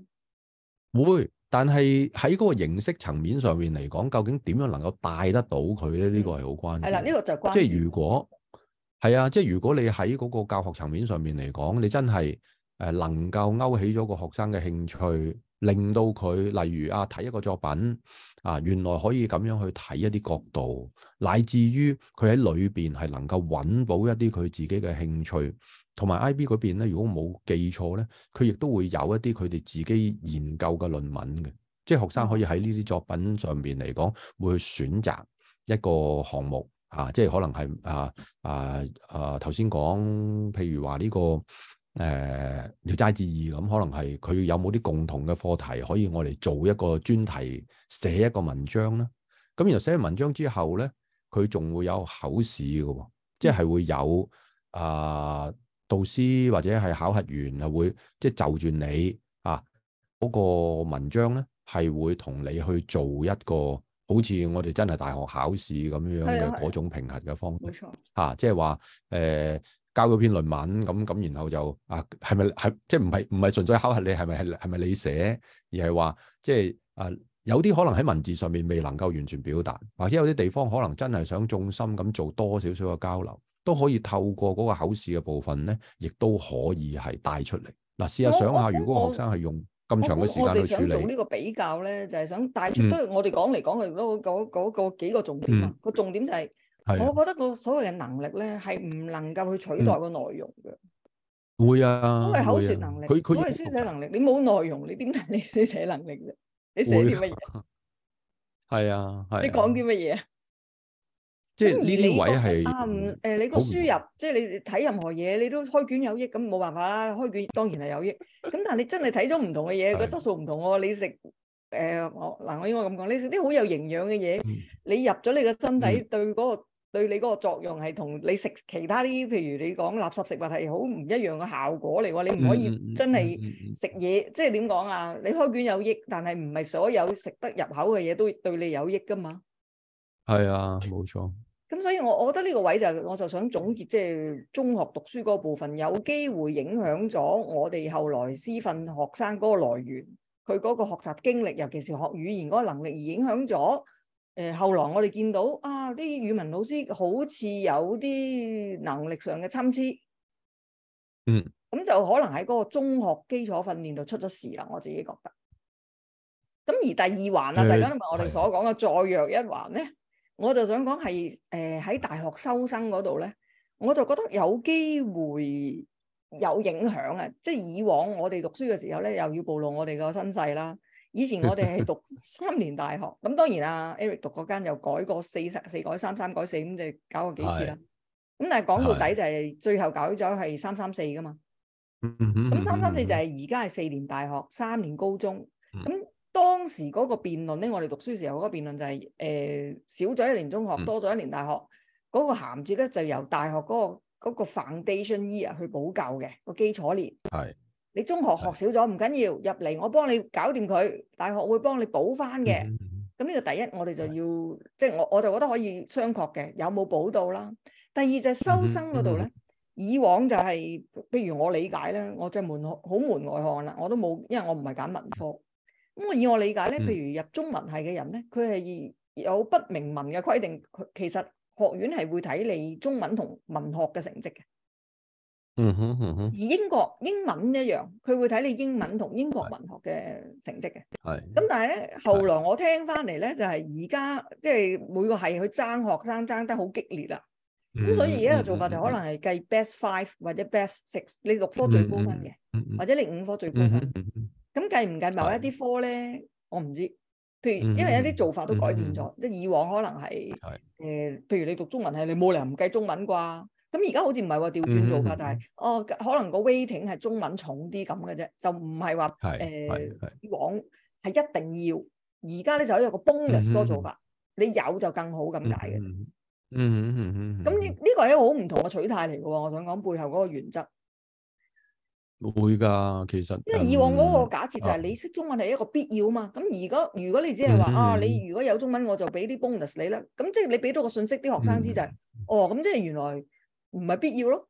Speaker 2: 會。但係喺嗰個形式層面上面嚟講，究竟點樣能夠帶得到佢呢？呢、這個係好關鍵，嗯。即係如果係啊，即係如果你喺嗰個教學層面上面嚟講，你真係誒能夠勾起咗個學生嘅興趣，令到佢例如啊睇一個作品啊，原來可以咁樣去睇一啲角度，乃至於佢喺裏邊係能夠揾到一啲佢自己嘅興趣。同埋 IB 嗰邊咧，如果冇記錯咧，佢亦都會有一啲佢哋自己研究嘅論文嘅，即係學生可以喺呢啲作品上邊嚟講，會選擇一個項目啊，即係可能係啊啊啊頭先講，譬如話呢個誒聊齋志異咁，可能係佢有冇啲共同嘅課題可以我嚟做一個專題寫一個文章咧？咁然後寫完文章之後咧，佢仲會有考試嘅，即係會有啊～導師或者係考核員係會即係就住、是、你啊嗰、那個文章咧，係會同你去做一個好似我哋真係大學考試咁樣嘅嗰的種評核嘅方法。冇錯、啊就是欸，啊，即係話誒，交咗篇論文咁咁，然後就啊、是，係咪係即係唔係唔係純粹考核你係咪係係咪你寫，而係話即係啊，有啲可能喺文字上面未能夠完全表達，或者有啲地方可能真係想重心咁做多少少嘅交流。都可以透過嗰個考試嘅部分咧，亦都可以係帶出嚟嗱。試下想下，如果學生係用咁長嘅時間去處理。我我哋
Speaker 1: 想做呢個比較咧，就係想帶出都係我哋講嚟講去都嗰嗰個幾個重點啊。個重點就係我覺得個所謂嘅能力咧，係唔能夠去取代個內容嘅。會啊，
Speaker 2: 因為口説能力，因為書
Speaker 1: 寫能力，你冇內容，你點睇你書寫能力啫？你寫啲乜嘢？
Speaker 3: 係啊，係。你講
Speaker 1: 啲乜嘢啊？即係呢啲位係啱，誒、啊，你個輸入，的即係你睇任何嘢，你都開卷有益，咁冇辦法啦，開卷當然係有益。咁但係你真係睇咗唔同嘅嘢，個質是的 素唔同喎、哦。你食誒、呃，我嗱，我應該咁講，你食啲好有營養嘅嘢，嗯、你入咗你個身體，嗯、對嗰、那個對你個作用係同你食其他啲，譬如你講垃圾食物係好唔一樣嘅效果嚟。你唔可以真係食嘢，嗯嗯嗯嗯嗯即係點講啊？你開卷有益，但係唔係所有食得入口嘅嘢都對你有益㗎嘛？
Speaker 3: 係啊，冇錯。
Speaker 1: 咁所以我我覺得呢個位就我就想總結，即係中學讀書嗰部分有機會影響咗我哋後來師訓學生嗰個來源，佢嗰個學習經歷，尤其是學語言嗰個能力，而影響咗誒、呃、後來我哋見到啊啲語文老師好似有啲能力上嘅參差，
Speaker 3: 嗯，
Speaker 1: 咁就可能喺嗰個中學基礎訓練度出咗事啦。我自己覺得。咁而第二環啊，的就剛才我哋所講嘅再弱一環咧，我就想講係誒喺大學收生嗰度咧，我就覺得有機會有影響啊！即、就、係、是、以往我哋讀書嘅時候咧，又要暴露我哋個身世啦。以前我哋係讀三年大學，咁 當然啊，Eric 讀嗰間又改過四十四改三三改四，咁就搞過幾次啦。咁是但係講到底就係、是、是最後搞咗係三三四㗎嘛。嗯
Speaker 3: 嗯。咁三三四
Speaker 1: 就係而家係四年大學，三年高中。嗯。 當時嗰個辯論咧，我哋讀書時候嗰個辯論就係誒少咗一年中學，多咗一年大學。嗰、嗯、個涵接咧就由大學嗰、那個、那個、foundation year 去補救嘅、那個基礎年。係是你中學學少咗唔緊要，入嚟是我幫你搞掂佢，大學會幫你補翻嘅。咁呢、嗯嗯嗯、個第一，我哋就要是即係我我就覺得可以商榷嘅，有冇補到啦？第二就係收生嗰度咧，嗯嗯嗯嗯以往就係、是，譬如我理解咧，我著門學好門外漢啦，我都冇，因為我唔係揀文科。咁我以我理解咧，譬如入中文系嘅人咧，佢係有不明文嘅規定，佢其實學院係會睇你中文同文學嘅成績嘅、
Speaker 3: 嗯。嗯哼
Speaker 1: 而英國英文一樣，佢會睇你英文同英國文學嘅成績嘅。係是。咁但係咧，後來我聽翻嚟咧，就係而家即係每個系去爭學生爭得好激烈啦。咁、嗯嗯、所以而家嘅做法就可能係計 best five 或者 best six，你六科最高分嘅，嗯嗯嗯、或者你五科最高分。咁計唔計某一啲科咧？的我唔知，譬如因為有啲做法都改變咗，嗯、哼即以往可能係的、呃、譬如你讀中文係你冇理由唔計中文啩。咁而家好似唔係話調轉做法、就是，就係、嗯、哼哦，可能個 weighting 係中文重啲咁嘅啫，就唔係話以往係一定要。而家咧就可以有個 bonus 多做法，嗯、哼你有就更好咁解嘅。
Speaker 2: 嗯嗯嗯嗯。
Speaker 1: 咁呢呢個係一個好唔同嘅取態嚟嘅喎，我想講背後嗰個原則。
Speaker 2: 會噶，其實因為以往嗰個假設就係你
Speaker 1: 識中文係一個必要嘛。咁而家如果你只係話、嗯、啊，你如果有中文，我就俾啲 bonus 你啦。咁即係你俾到個信息啲學生知就係、是嗯、哦，咁即係原來唔係必要咯。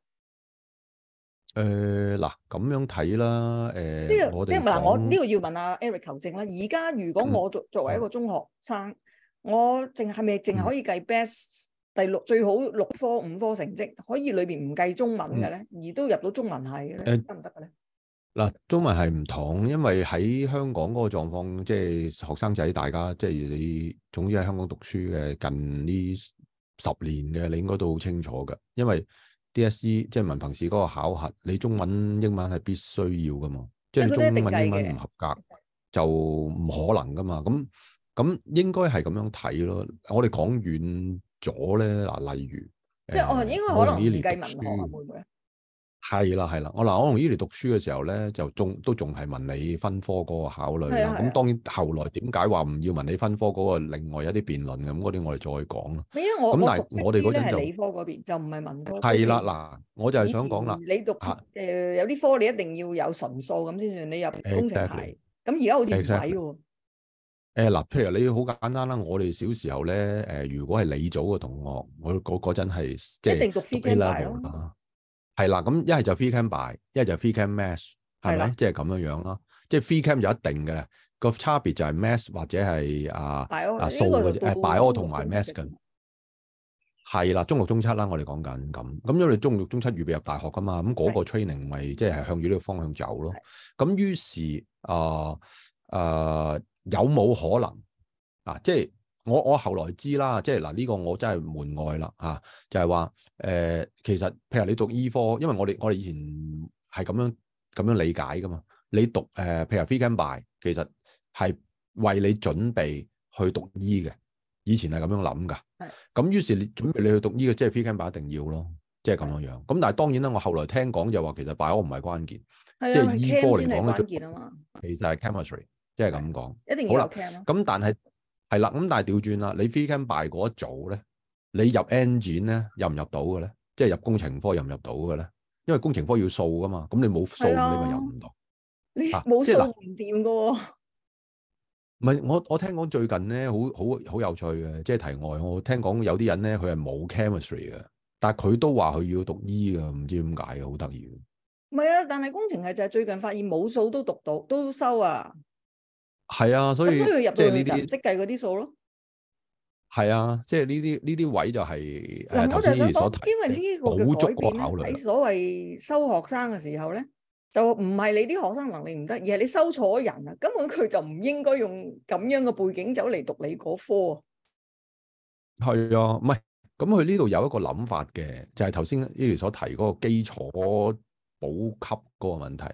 Speaker 2: 誒、呃，嗱，咁樣睇啦，誒、呃，即係是即係嗱，我呢
Speaker 1: 個要問阿、啊、Eric 求證啦。而家如果我作作為一個中學生，嗯、我淨係咪淨係可以計 best？、嗯第六，最好六科五科成績，可以裏邊唔計中文嘅咧，嗯、而都入到中文系嘅咧，得唔得嘅
Speaker 2: 咧？嗱，中文系唔同，因為喺香港嗰個狀況，即係學生仔大家，即係你總之喺香港讀書嘅近呢十年嘅，你應該都好清楚㗎，因為 DSE 即係文憑試嗰個考核，你中文英文係必須要㗎嘛，即係中文英文唔合格就唔可能㗎嘛。咁咁應該係咁樣睇咯。我哋講遠。咗咧嗱，例如
Speaker 1: 即係我應該
Speaker 2: 可能同年 l 文科、呃、讀書會唔會啊？係啦，係啦，我嗱我同 Eli 讀書嘅時候咧，就仲都仲係文理分科嗰個考慮啦。咁的當然後來點解話唔要文理分科嗰、嗰個另外一啲辯論咁嗰啲，我哋再講咯。因為我咁但係我哋嗰陣就理
Speaker 1: 科嗰邊，就唔係文科。係啦嗱，
Speaker 2: 我就係想講啦，
Speaker 1: 你讀誒、啊呃、有啲科你一定要有純數咁先算，你入工程系。咁而家好似唔使
Speaker 2: 誒，嗱、欸，譬如你好簡單啦。我哋小時候咧，誒、呃，如果係理組嘅同學，我嗰嗰陣係即係一定讀 Phy Chem 讀 A Level 啦，係啦。咁一係就 Phy Chem Bio，一係就 Phy Chem Maths，係咪吧？即係咁樣樣啦。即係 Phy Chem 就一定嘅個差別就係 Maths 或者係啊啊數嘅啫，誒，Bio 同埋 Maths 嘅係啦。中六中七啦，我哋講緊咁咁，因為中六中七預備入大學噶嘛，咁嗰個 training 咪即係的向住呢個方向走咯。咁於是啊的啊。有冇可能啊？即係我我後來知啦，即係嗱呢個我真係門外啦、啊、就係話誒，其實譬如你讀醫科，因為我哋我哋以前係咁樣咁樣理解噶嘛。你讀誒、呃、譬如 Phy Chem Bio 其實係為你準備去讀醫、e、嘅。以前係咁樣諗噶，係咁的於是你準備你去讀醫、e、嘅，即係 Phy Chem Bio 一定要咯，即係咁樣樣。咁但係當然啦，我後來聽講就話，其實 bio 唔係關鍵，是的即係醫科嚟講咧啊嘛，其實係 chemistry。.即係咁講，一定入有 Chem 咯。咁但係係啦，咁但係調轉啦，你 Phy Chem Bio 嗰組咧，你入 engine 咧入唔入到嘅咧？即係入工程科入唔入到嘅咧？因為工程科要數噶嘛，咁你冇數、啊、你咪入唔到，你冇數
Speaker 3: 唔掂噶。唔、就、係、是
Speaker 2: 看啊、我我聽講最近咧好好好有趣嘅，即、就、係、是、題外，我聽講有啲人咧佢係冇 chemistry 嘅，但係佢都話佢要讀醫噶，唔知點解嘅，好得意。
Speaker 1: 唔係啊，但係工程係就係最近發現冇數都讀到，都收啊。
Speaker 2: 係啊，所以需即係呢啲即
Speaker 1: 係計嗰啲數咯。
Speaker 2: 係啊，即係呢啲呢啲位就係頭先所提，呃、因
Speaker 1: 為呢個嘅改變喺所謂收學生嘅時候咧，就唔係你啲學生能力唔得，而係你收錯人啊。根本佢就唔應該用咁樣嘅背景走嚟讀你嗰科啊。
Speaker 2: 係啊，唔係咁佢呢度有一個諗法嘅，就係頭先呢條所提嗰個基礎補給嗰個問題。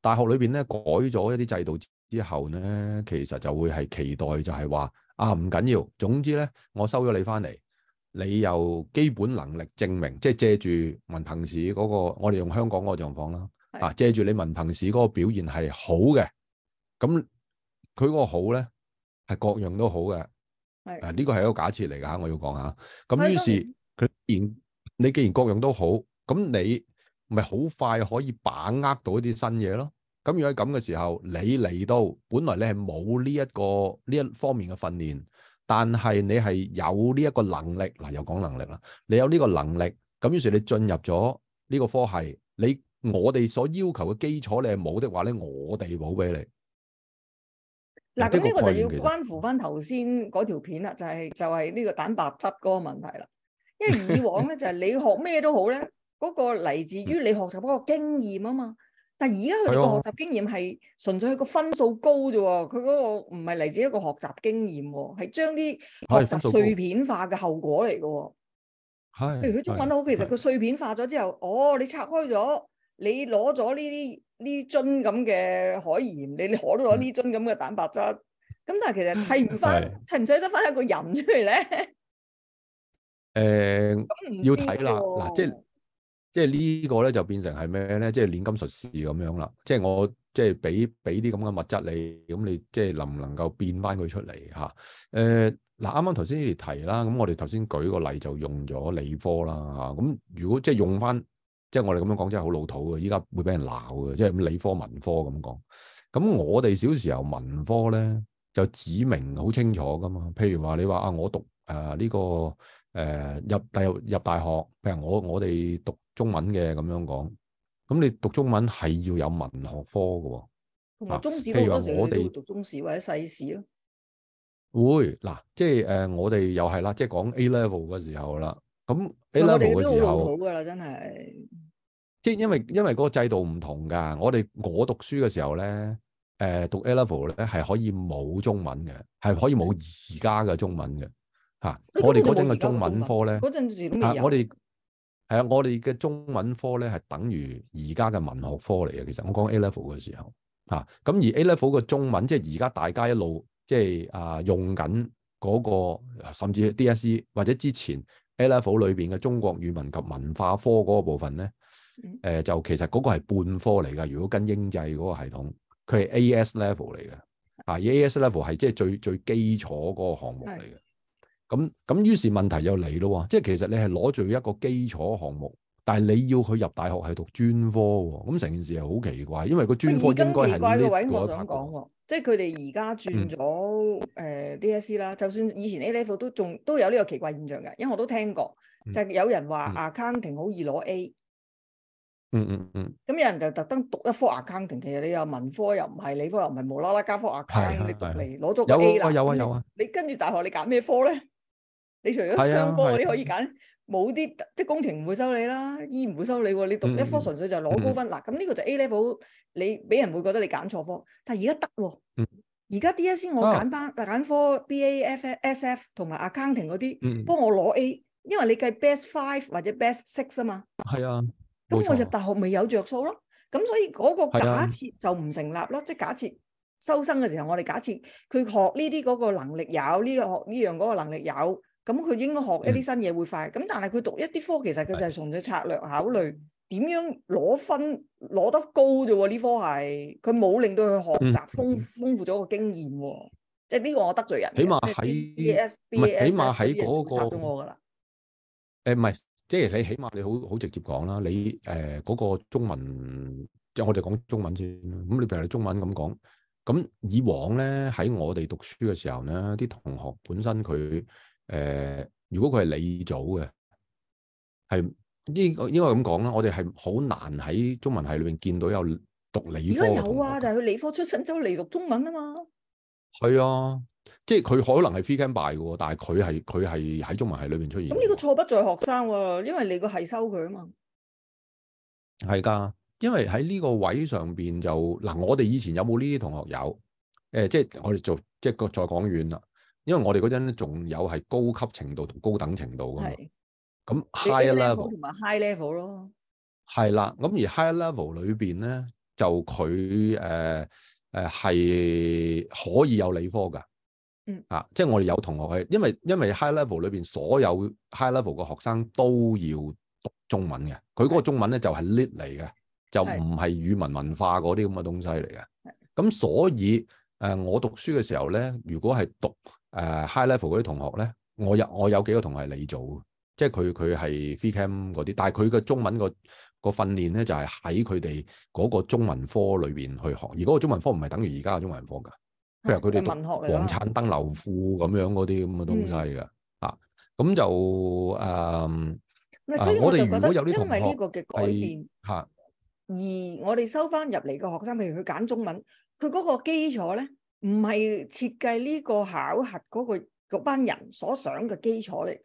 Speaker 2: 大學裏邊咧改咗一啲制度。之後咧，其實就會係期待就是，就係話啊，唔緊要，總之咧，我收咗你翻嚟，你有基本能力證明，即係借住文憑試嗰個，我哋用香港嗰個狀況啦，是的 啊，借住你文憑試嗰個表現係好嘅，咁佢嗰個好咧係各樣都好嘅，係
Speaker 3: 是的 啊，
Speaker 2: 呢個係一個假設嚟噶吓，我要講下，咁於是佢的然你既然各樣都好，咁你咪好快可以把握到一啲新嘢咯。咁如果咁嘅時候，你嚟到本來你係冇呢一個呢一方面嘅訓練，但係你係有呢一個能力嗱，又講能力啦，你有呢個能力，咁於是你進入咗呢個科系，你我哋所要求嘅基礎你係冇的話咧，我哋冇俾你。嗱，咁呢個就要關
Speaker 1: 乎翻頭先嗰條片啦，就係就係呢個蛋白質嗰個問題啦。因為以往咧就係你學咩都好咧，嗰個嚟自於你學習嗰個經驗啊嘛。但而家佢呢個學習經驗係純粹係個分數高啫喎，佢嗰個唔係嚟自一個學習經驗喎，係將啲學習碎片化嘅後果嚟㗎喎。
Speaker 3: 譬如佢中文都好，其實佢
Speaker 1: 碎片化咗之後，的哦，你拆開咗，你攞咗呢啲呢樽咁嘅海鹽，你你攞咗呢樽咁嘅蛋白質，咁的但係其實砌唔翻，砌唔砌得翻一個人出嚟咧？
Speaker 2: 誒、呃，要睇啦，嗱，即係。即係呢個咧就變成係咩咧？即係煉金術士咁樣啦。即係我即係俾俾啲咁嘅物質你，咁你即係能唔能夠變翻佢出嚟？吓誒，嗱啱啱頭先你提啦，咁我哋頭先舉個例就用咗理科啦。吓咁如果即係用翻，即係我哋咁樣講，真係好老土嘅。依家會俾人鬧嘅，即係咁理科文科咁講。咁我哋小時候文科咧就指明好清楚噶嘛。譬如話你話啊，我讀誒呢個。誒，入大入大學，譬如我我哋讀中文嘅咁樣講，咁你讀中文系要有文學科嘅，同
Speaker 1: 埋中史好多時候我哋讀中史們或者世史
Speaker 2: 咯，會嗱即係誒，我哋又係啦，即係講、呃、A level 嘅時候啦，咁 A level 嘅時候我哋都好好噶啦，真係，即係因為因為嗰個制度唔同噶，我哋我讀書嘅時候咧，誒、呃、讀 A level 咧係可以冇中文嘅，係可以冇而家嘅中文嘅。吓、啊，我哋嗰陣嘅中文科咧，啊，我哋係啊，我哋嘅中文科咧係等於而家嘅文學科嚟嘅。其實我講 A level 嘅時候，啊，咁而 A level 嘅中文即係而家大家一路即係啊用緊嗰、嗰個，甚至 DSE 或者之前 A level 裏邊嘅中國語文及文化科嗰個部分咧，誒、啊，就其實嗰個係半科嚟噶。如果跟英制嗰個系統，佢係 AS level 嚟嘅，啊，AS level 係即係最最基礎嗰個項目嚟嘅。咁咁於是問題又嚟咯喎，即係其實你係攞住一個基礎項目，但係你要去入大學係讀專科喎，咁成件事係好奇怪，因為個專科更加係呢個奇怪個位我想講
Speaker 1: 喎。即係佢哋而家轉咗誒 DSE 啦，就算以前 A Level 都仲都有呢個奇怪現象嘅，因為我都聽過，就係有人話 accounting 好易攞 A。嗯嗯
Speaker 3: 嗯。
Speaker 1: 咁有人就特登讀一科 accounting，其實你又文科又唔係理科又唔係，無啦啦加科 accounting 你讀嚟攞咗個 A 啦。有啊有啊有啊！你跟住大學你揀咩科咧？你除咗商科嗰啲、啊啊、可以揀，冇啲即係工程唔會收你啦，醫唔、啊 e、會收你喎、啊。你讀一科純粹就攞高分嗱，咁呢、嗯嗯呢個就 A level 你俾人會覺得你揀錯科，但係而家得
Speaker 3: 喎。
Speaker 1: 而家 D S C 我揀返，嗱揀科 B A F, F, F, F S F 同埋 accounting 嗰啲，幫我攞 A，因為你計 best five 或者 best six 啊嘛。
Speaker 3: 係啊，咁我入
Speaker 1: 大學咪有着數咯。咁所以嗰個假設就唔成、啊、成立咯。即係假設收生嘅時候，我哋假設佢學呢啲嗰個能力有呢個學呢樣嗰個能力有。咁佢應該學一啲新嘢會快，咁、嗯、但係佢讀一啲科，其實佢就係從咗策略考慮點樣攞分攞得高啫喎。呢科係佢冇令到佢學習豐豐富咗個經驗喎，即係呢個我得罪人。起碼喺，起碼喺嗰、嗰個殺到我噶啦。
Speaker 2: 誒唔係，即係、就是、你起碼你好好直接講啦。你誒嗰、呃嗰個中文，即係我哋講中文先。咁你譬如你中文咁講，咁以往咧喺我哋讀書嘅時候咧，啲同學本身佢。誒、呃，如果佢係理組嘅，係呢個應該咁講啦。我哋係好難喺中文系裏面見到有讀理科嘅。如果有啊，
Speaker 1: 就係、是、佢理科出身，就嚟讀中文啊嘛。
Speaker 2: 係啊，即係佢可能係 free b y 嘅，但係佢係佢係喺中文系裏面出現。咁
Speaker 1: 呢個錯不在學生喎，啊，因為你個系收佢啊嘛。
Speaker 2: 係噶，因為喺呢個位上邊就嗱，我哋以前有冇呢啲同學有？誒、呃，即係我哋做即係再講遠啦。因為我哋嗰陣咧，仲有係高級程度同高等程度噶嘛。咁 high level
Speaker 1: 同埋 high level 咯。
Speaker 2: 係啦，咁而 high level 裏邊咧，就佢誒誒係可以有理科噶。嗯。啊，即係我哋有同學係，因為因為 high level 裏邊所有 high level 嘅學生都要讀中文嘅。佢嗰個中文咧就係 lit 嚟嘅，是的就唔係語文文化嗰啲咁嘅東西嚟嘅。咁所以誒我讀書嘅時候咧，如果係讀。誒、uh,，high level 嗰啲同學咧，我有我有幾個同學係理組，即係佢佢係 free cam 嗰啲，但係佢嘅中文、嗰個個訓練咧就係喺佢哋嗰個中文科裏邊去學，而嗰個中文科唔係等於而家嘅中文科噶，
Speaker 1: 譬如佢哋王粲登樓
Speaker 2: 賦咁樣嗰啲咁嘅東西噶，啊，咁就誒，所以我哋如果有呢同學，因為呢個嘅改變吓，
Speaker 1: 而我哋收翻入嚟嘅學生，譬如佢揀中文，佢嗰個基礎咧。唔係設計呢個考核嗰、那個班人所想嘅基礎嚟嘅，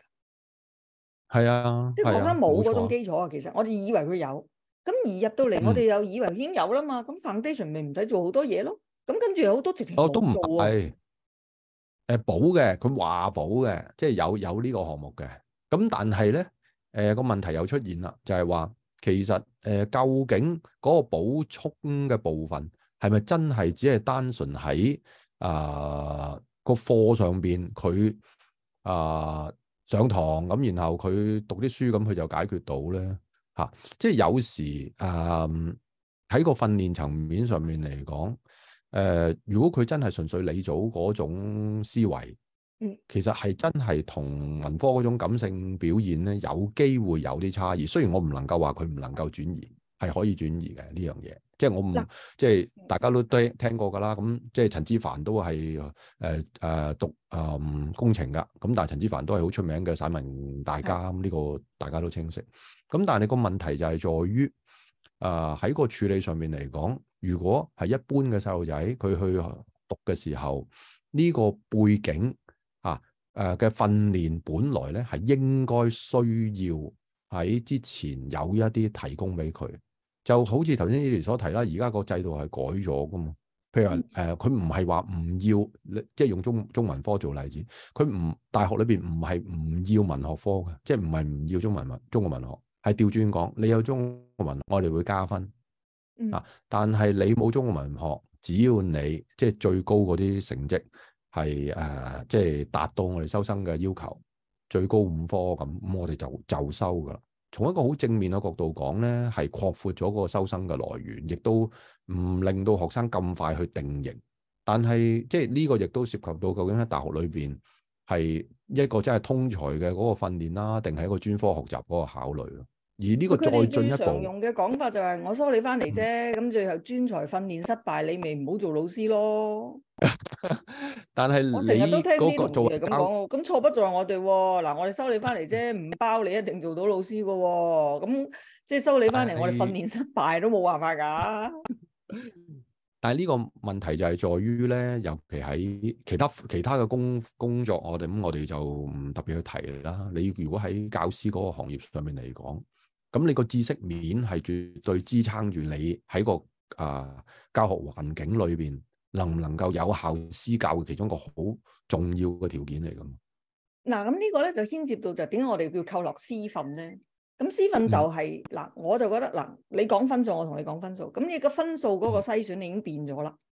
Speaker 3: 係啊，啲、啊、學生冇嗰種基
Speaker 1: 礎啊。啊，其實我哋以為佢有，咁而入到嚟，我哋又以為已經有啦嘛。咁、嗯、foundation 咪唔使做好多嘢咯。咁跟住好多直情都唔係
Speaker 2: 啊。誒，保嘅，佢話保嘅，即、就、係、是、有有個項呢個項目嘅。咁但係咧，誒個問題又出現啦，就係、是、話其實誒、呃、究竟嗰個補充嘅部分。係咪真係只係單純喺啊個課上面佢啊上堂咁，然後佢讀啲書咁，佢就解決到咧吓？即、啊、係、就是、有時啊喺、呃、個訓練層面上面嚟講，誒、呃，如果佢真係純粹理組嗰種思維，嗯，其實係真係同文科嗰種感性表現咧，有機會有啲差異。雖然我唔能夠話佢唔能夠轉移。係可以轉移嘅呢樣嘢，即係我唔了即係大家都聽聽過㗎啦。咁即係陳之藩都係誒誒讀誒、呃呃、工程㗎。咁但係陳之藩都係好出名嘅散文大家，呢、這個大家都清晰。咁但係你個問題就係在於誒喺個處理上面嚟講，如果係一般嘅細路仔佢去讀嘅時候，呢、這個背景啊誒嘅訓練，呃、的訓練本來咧係應該需要喺之前有一啲提供俾佢。就好似頭先啲人所提啦，而家個制度係改咗噶嘛。譬如話誒，佢唔係話唔要，即係用中中文科做例子，佢唔大學裏面唔係唔要文學科嘅，即係唔係唔要中文文中國文學，係調轉講，你有中國文，我哋會加分啊。但係你冇中國文學，只要你即係最高嗰啲成績係誒，即係達到我哋收生嘅要求，最高五科咁，咁我哋就就收㗎啦。從一個好正面嘅角度講咧，係擴闊咗嗰個收生嘅來源，亦都唔令到學生咁快去定型。但係即係呢個亦都涉及到究竟喺大學裏邊係一個真係通才嘅嗰個訓練啦，定係一個專科學習嗰個考慮。而呢個再進一步，佢哋最常用
Speaker 1: 嘅講法就係我收你翻嚟啫，咁、嗯、最後專才訓練失敗，你咪唔好做老師咯。
Speaker 2: 但係我成日都聽啲同事咁講，
Speaker 1: 咁錯教不在我哋。嗱，我哋收你翻嚟啫，唔包你一定做到老師噶。咁即係收你翻嚟，我哋訓練失敗都冇辦法噶。
Speaker 2: 但係是呢個問題就係在於咧，尤其喺其他其他嘅工工作我，我哋咁我哋就唔特別去提啦。你如果喺教師嗰個行業上面嚟講，咁你個知識面係絕對支撐住你喺個啊、呃、教學環境裏邊能唔能夠有效施教嘅其中一個好重要嘅條件嚟
Speaker 1: 㗎嗱，咁呢個咧就牽涉到就點解我哋要扣落師訓咧？咁師訓就係、是、嗱、嗯，我就覺得嗱，你講分數，我同你講分數，咁你個分數嗰個篩選已經變咗啦。嗯。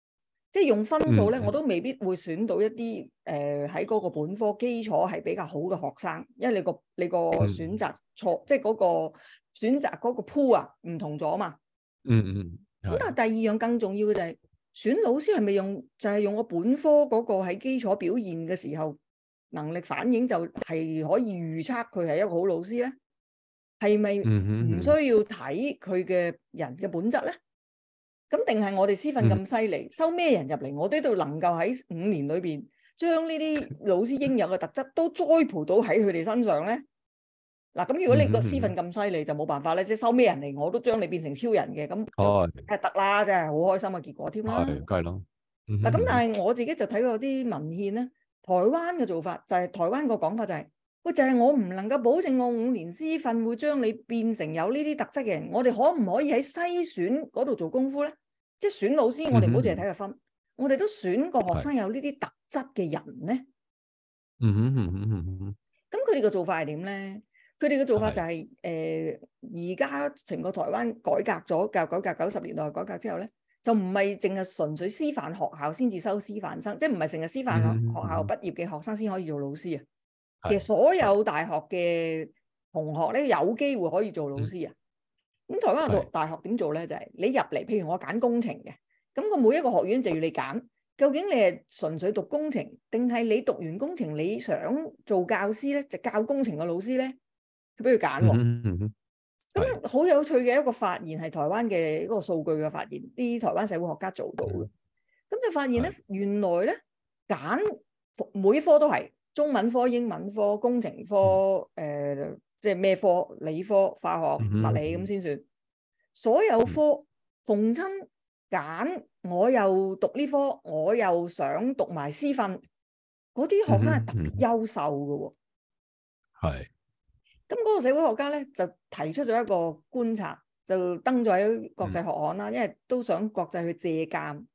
Speaker 1: 即係用分數咧，嗯、我都未必會選到一啲誒喺嗰個本科基礎係比較好嘅學生，因為你個你個選擇、嗯、錯，即係嗰個選擇嗰個 pool 啊唔同咗嘛。嗯嗯。
Speaker 3: 咁但係
Speaker 1: 第二樣更重要嘅就係、是、選老師係咪用就係、是、用我本科嗰個喺基礎表現嘅時候能力反映就係可以預測佢係一個好老師咧？係咪唔需要睇佢嘅人嘅本質咧？咁定係我哋師訓咁犀利，收咩人入嚟？我哋都能夠喺五年裏邊將呢啲老師應有嘅特質都栽培到喺佢哋身上咧。嗱，咁如果你個師訓咁犀利，就冇辦法咧。即係收咩人嚟，我都將你變成超人嘅。咁哦，得啦，真係好開心嘅結果添啦。
Speaker 2: 係，梗係啦。嗱，咁但
Speaker 1: 係我自己就睇過啲文獻咧，台灣嘅做法就係台灣個講法就係：喂，就係我唔能夠保證我五年師訓會將你變成有呢啲特質嘅人，我哋可唔可以喺篩選嗰度做功夫咧？即係選老師，mm hmm. 我哋唔好淨係睇個分，mm hmm. 我哋都選過學生有呢啲特質嘅人咧。嗯嗯嗯嗯嗯嗯。咁佢哋嘅做法係點咧？佢哋嘅做法就係、是、誒，而家成個台灣改革咗教九九十年代改革之後咧，就唔係淨係純粹師範學校先至收師範生，mm hmm. 即係唔係淨係師範學學校畢業嘅學生先可以做老師啊。Mm hmm. 其實所有大學嘅同學咧，有機會可以做老師啊。Mm hmm. 咁台灣讀大學點做咧？是就係你入嚟，譬如我揀工程嘅，咁個每一個學院就要你揀，究竟你係純粹讀工程，定係你讀完工程你想做教師咧，就教工程嘅老師咧，佢俾佢揀喎。咁好是有趣嘅一個發現係台灣嘅一個數據嘅發現，啲台灣社會學家做到嘅，咁就發現咧，是原來咧揀每一科都係中文科、英文科、工程科、誒是。呃即係咩科？理科、化學、物理咁先、mm hmm. 算。所有科逢親揀，我又讀呢科，我又想讀埋師訓，嗰啲學生係特別優秀嘅喎。
Speaker 3: 係、mm。
Speaker 1: 咁、hmm. 嗰個社會學家咧，就提出咗一個觀察，就登咗喺國際學刊啦，mm hmm. 因為都想國際去借鑑。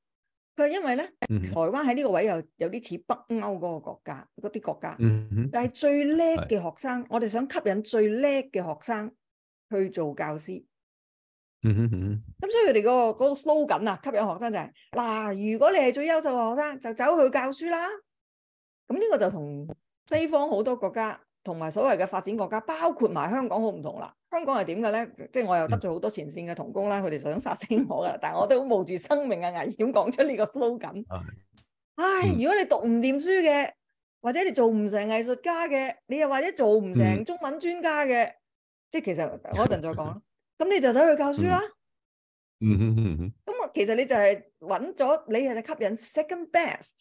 Speaker 1: 佢因為咧，台灣喺呢個位又有啲似北歐嗰個國家嗰啲國家，嗯、哼但係最叻嘅學生，的我哋想吸引最叻嘅學生去做教師。嗯
Speaker 3: 哼
Speaker 1: 嗯，咁所以佢哋、那個嗰個 slogan 啊，吸引學生就係、是、嗱、啊，如果你係最優秀嘅學生，就走去教書啦。咁呢個就同西方好多國家同埋所謂嘅發展國家，包括埋香港好唔同啦。香港係點嘅咧？即係我又得罪好多前線嘅同工啦，佢哋想殺死我噶但係我都冒住生命嘅危險講出呢個 slogan。唉，如果你讀唔掂書嘅，或者你做唔成藝術家嘅，你又或者做唔成中文專家嘅，即係其實我一陣再講啦。咁你就走去教書啦。嗯嗯嗯嗯。咁我其實你就係揾咗你係吸引 second best。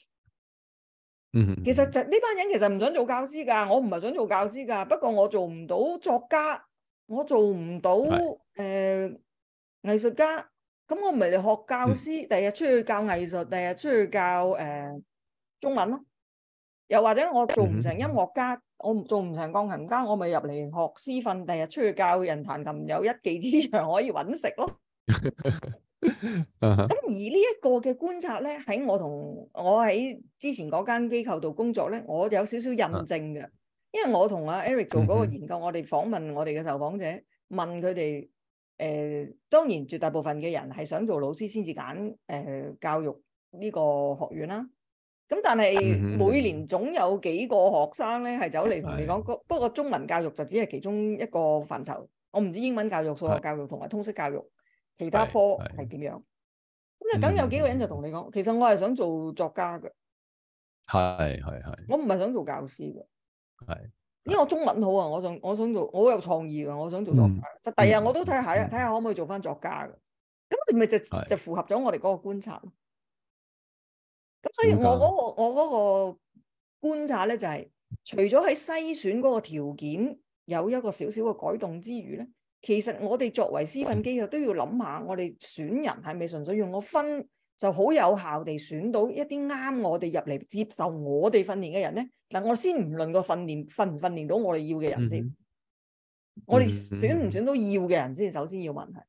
Speaker 3: 嗯。其
Speaker 1: 實就呢班人其實唔想做教師噶我唔係想做教師噶不過我做唔到作家。我做唔到誒，藝術是、呃、家，咁我咪嚟學教，教師，第、嗯、日出去教藝術，第日出去教誒、呃、中文咯。又或者我做唔成音樂家，嗯、我做唔成鋼琴家，我咪入嚟學師訓，第日出去教人彈琴，有一技之長可以搵食咯。咁 而呢一個嘅觀察咧，喺我同我喺之前嗰間機構度工作咧，我就有少少印證嘅。啊因為我同阿 Eric 做嗰個研究，嗯嗯我哋訪問我哋嘅受訪者，問佢哋誒。當然，絕大部分嘅人係想做老師先至揀誒教育呢個學院啦、啊。咁但係每年總有幾個學生咧係走嚟同你講，是不過中文教育就只係其中一個範疇。我唔知英文教育、數學教育同埋通識教育其他科係點樣。咁就梗有幾個人就同你講，嗯、其實我係想做作家嘅，
Speaker 3: 係係係。
Speaker 1: 我唔係想做教師㗎。係，因為我中文好啊，我仲我想做，我好有創意噶，我想做作家。就第日我都睇下，睇下、嗯、可唔可以做翻作家嘅。咁佢咪就就，就符合咗我哋嗰個觀察咯。咁所以我嗰、嗯那個我個觀察咧就係、是，除咗喺篩選嗰個條件有一個少少嘅改動之餘咧，其實我哋作為師訓機構都要諗下，我哋選人係咪純粹用我分？就好有效地選到一啲啱我哋入嚟接受我哋訓練嘅人咧，嗱我先唔論個訓練訓唔訓練到我哋要嘅人先，mm hmm. 我哋選唔選到要嘅人先，首先要問題。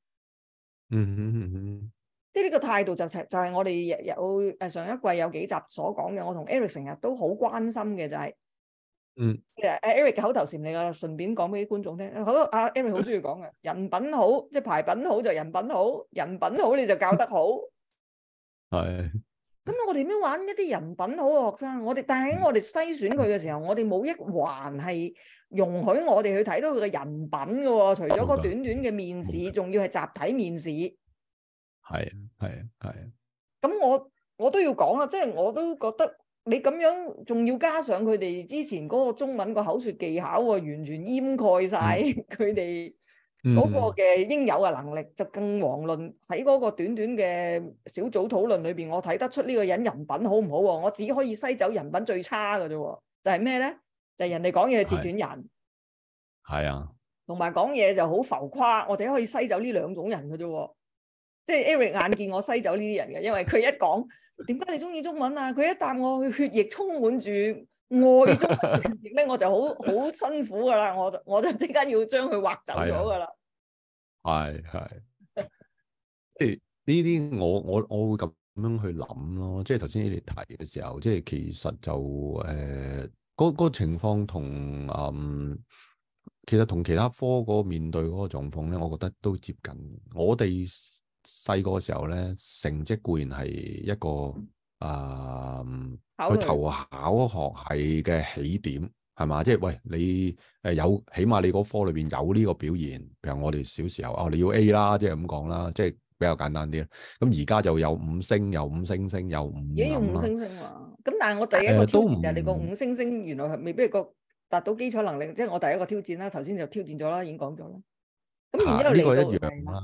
Speaker 1: 嗯嗯
Speaker 3: 嗯
Speaker 1: 嗯，hmm. 即係呢個態度就就係、是、我哋有誒上一季有幾集所講嘅，我同 Eric 成日都好關心嘅就係、是，嗯、mm，誒、hmm. Eric 口頭禪嚟㗎，順便講俾啲觀眾聽，好阿、啊、Eric 好中意講嘅，人品好即係牌品好就人品好，人品好你就教得好。 係，咁我哋點樣玩一啲人品好嘅學生？我哋但係喺我哋篩選佢嘅時候，的我哋冇一環係容許我哋去睇到佢嘅人品噶、哦，除咗嗰短短嘅面試，仲的要係集體面試。
Speaker 2: 係係係，
Speaker 1: 咁我我都要講啦，即係我都覺得你咁樣仲要加上佢哋之前嗰個中文個口說技巧，完全掩蓋晒佢哋。嗰個嘅應有嘅能力，就更遑論喺嗰個短短嘅小組討論裏邊，我睇得出呢個人人品好唔好喎？我只可以篩走人品最差嘅啫，就係咩咧？就係、是、人哋講嘢係截斷人，
Speaker 3: 係啊，
Speaker 1: 同埋講嘢就好浮誇，我只可以篩走呢兩種人嘅啫。即、就、係、是、Eric 眼見我篩走呢啲人嘅，因為佢一講點解你中意中文啊？佢一答我血液充滿住。外在嘅 我就好好辛苦噶啦，我就我就即刻要將佢劃走咗噶
Speaker 2: 啦。係係，即係呢啲我我我會咁樣去諗咯。即係頭先你提嘅時候，即係其實就誒，嗰、呃嗰個情況同誒，其實同其他科嗰個面對嗰個狀況咧，我覺得都接近。我哋細個時候咧，成績固然係一個。啊，佢、嗯、考去投考學系嘅起點係嘛？即係、就是、喂，你誒有起碼你嗰科裏邊有呢個表現，譬如我哋小時候哦，你要 A 啦，即係咁講啦，即、就、係、是、比較簡單啲。咁而家就有五星，有五星星，有五咁啦。已經五星星
Speaker 1: 啦、啊。咁但係我第一個挑戰就係、呃、你個五星星，原來係未必個達到基礎能力。即、就、係、是、我第一個挑戰啦，頭先就挑戰咗啦，已經講咗啦。咁而家呢個一樣啦。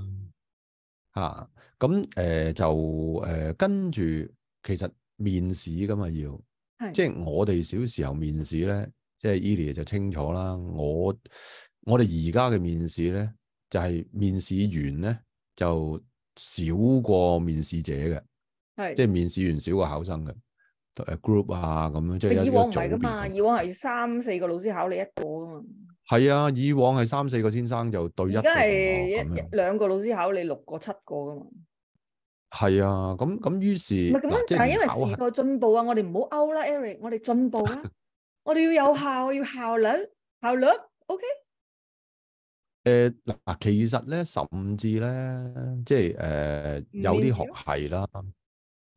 Speaker 2: 吓、啊，咁誒、呃、就誒、呃、跟住。其實面試噶嘛要，是即係我哋小時候面試咧，即係、e、伊研就清楚啦。我我哋而家嘅面試咧，就係、是、面試員咧就少過面試者嘅，是即係面試員少過考生嘅。Group 啊咁樣，即係以往唔係噶嘛，樣
Speaker 1: 以往係三四個老師考你一個噶嘛。
Speaker 2: 係啊，以往係三四個先生就對一。而家係一
Speaker 1: 兩個老師考你六個七個噶嘛。
Speaker 2: 係啊，咁咁於是，唔係咁樣，係、啊、因為時代
Speaker 1: 進步啊，啊我哋唔好 out 啦，Eric，我哋進步啦、啊， 我哋要有效，要效率，效率，OK？誒
Speaker 2: 嗱、呃，其實咧，甚至咧，即係誒、呃、有啲學系啦，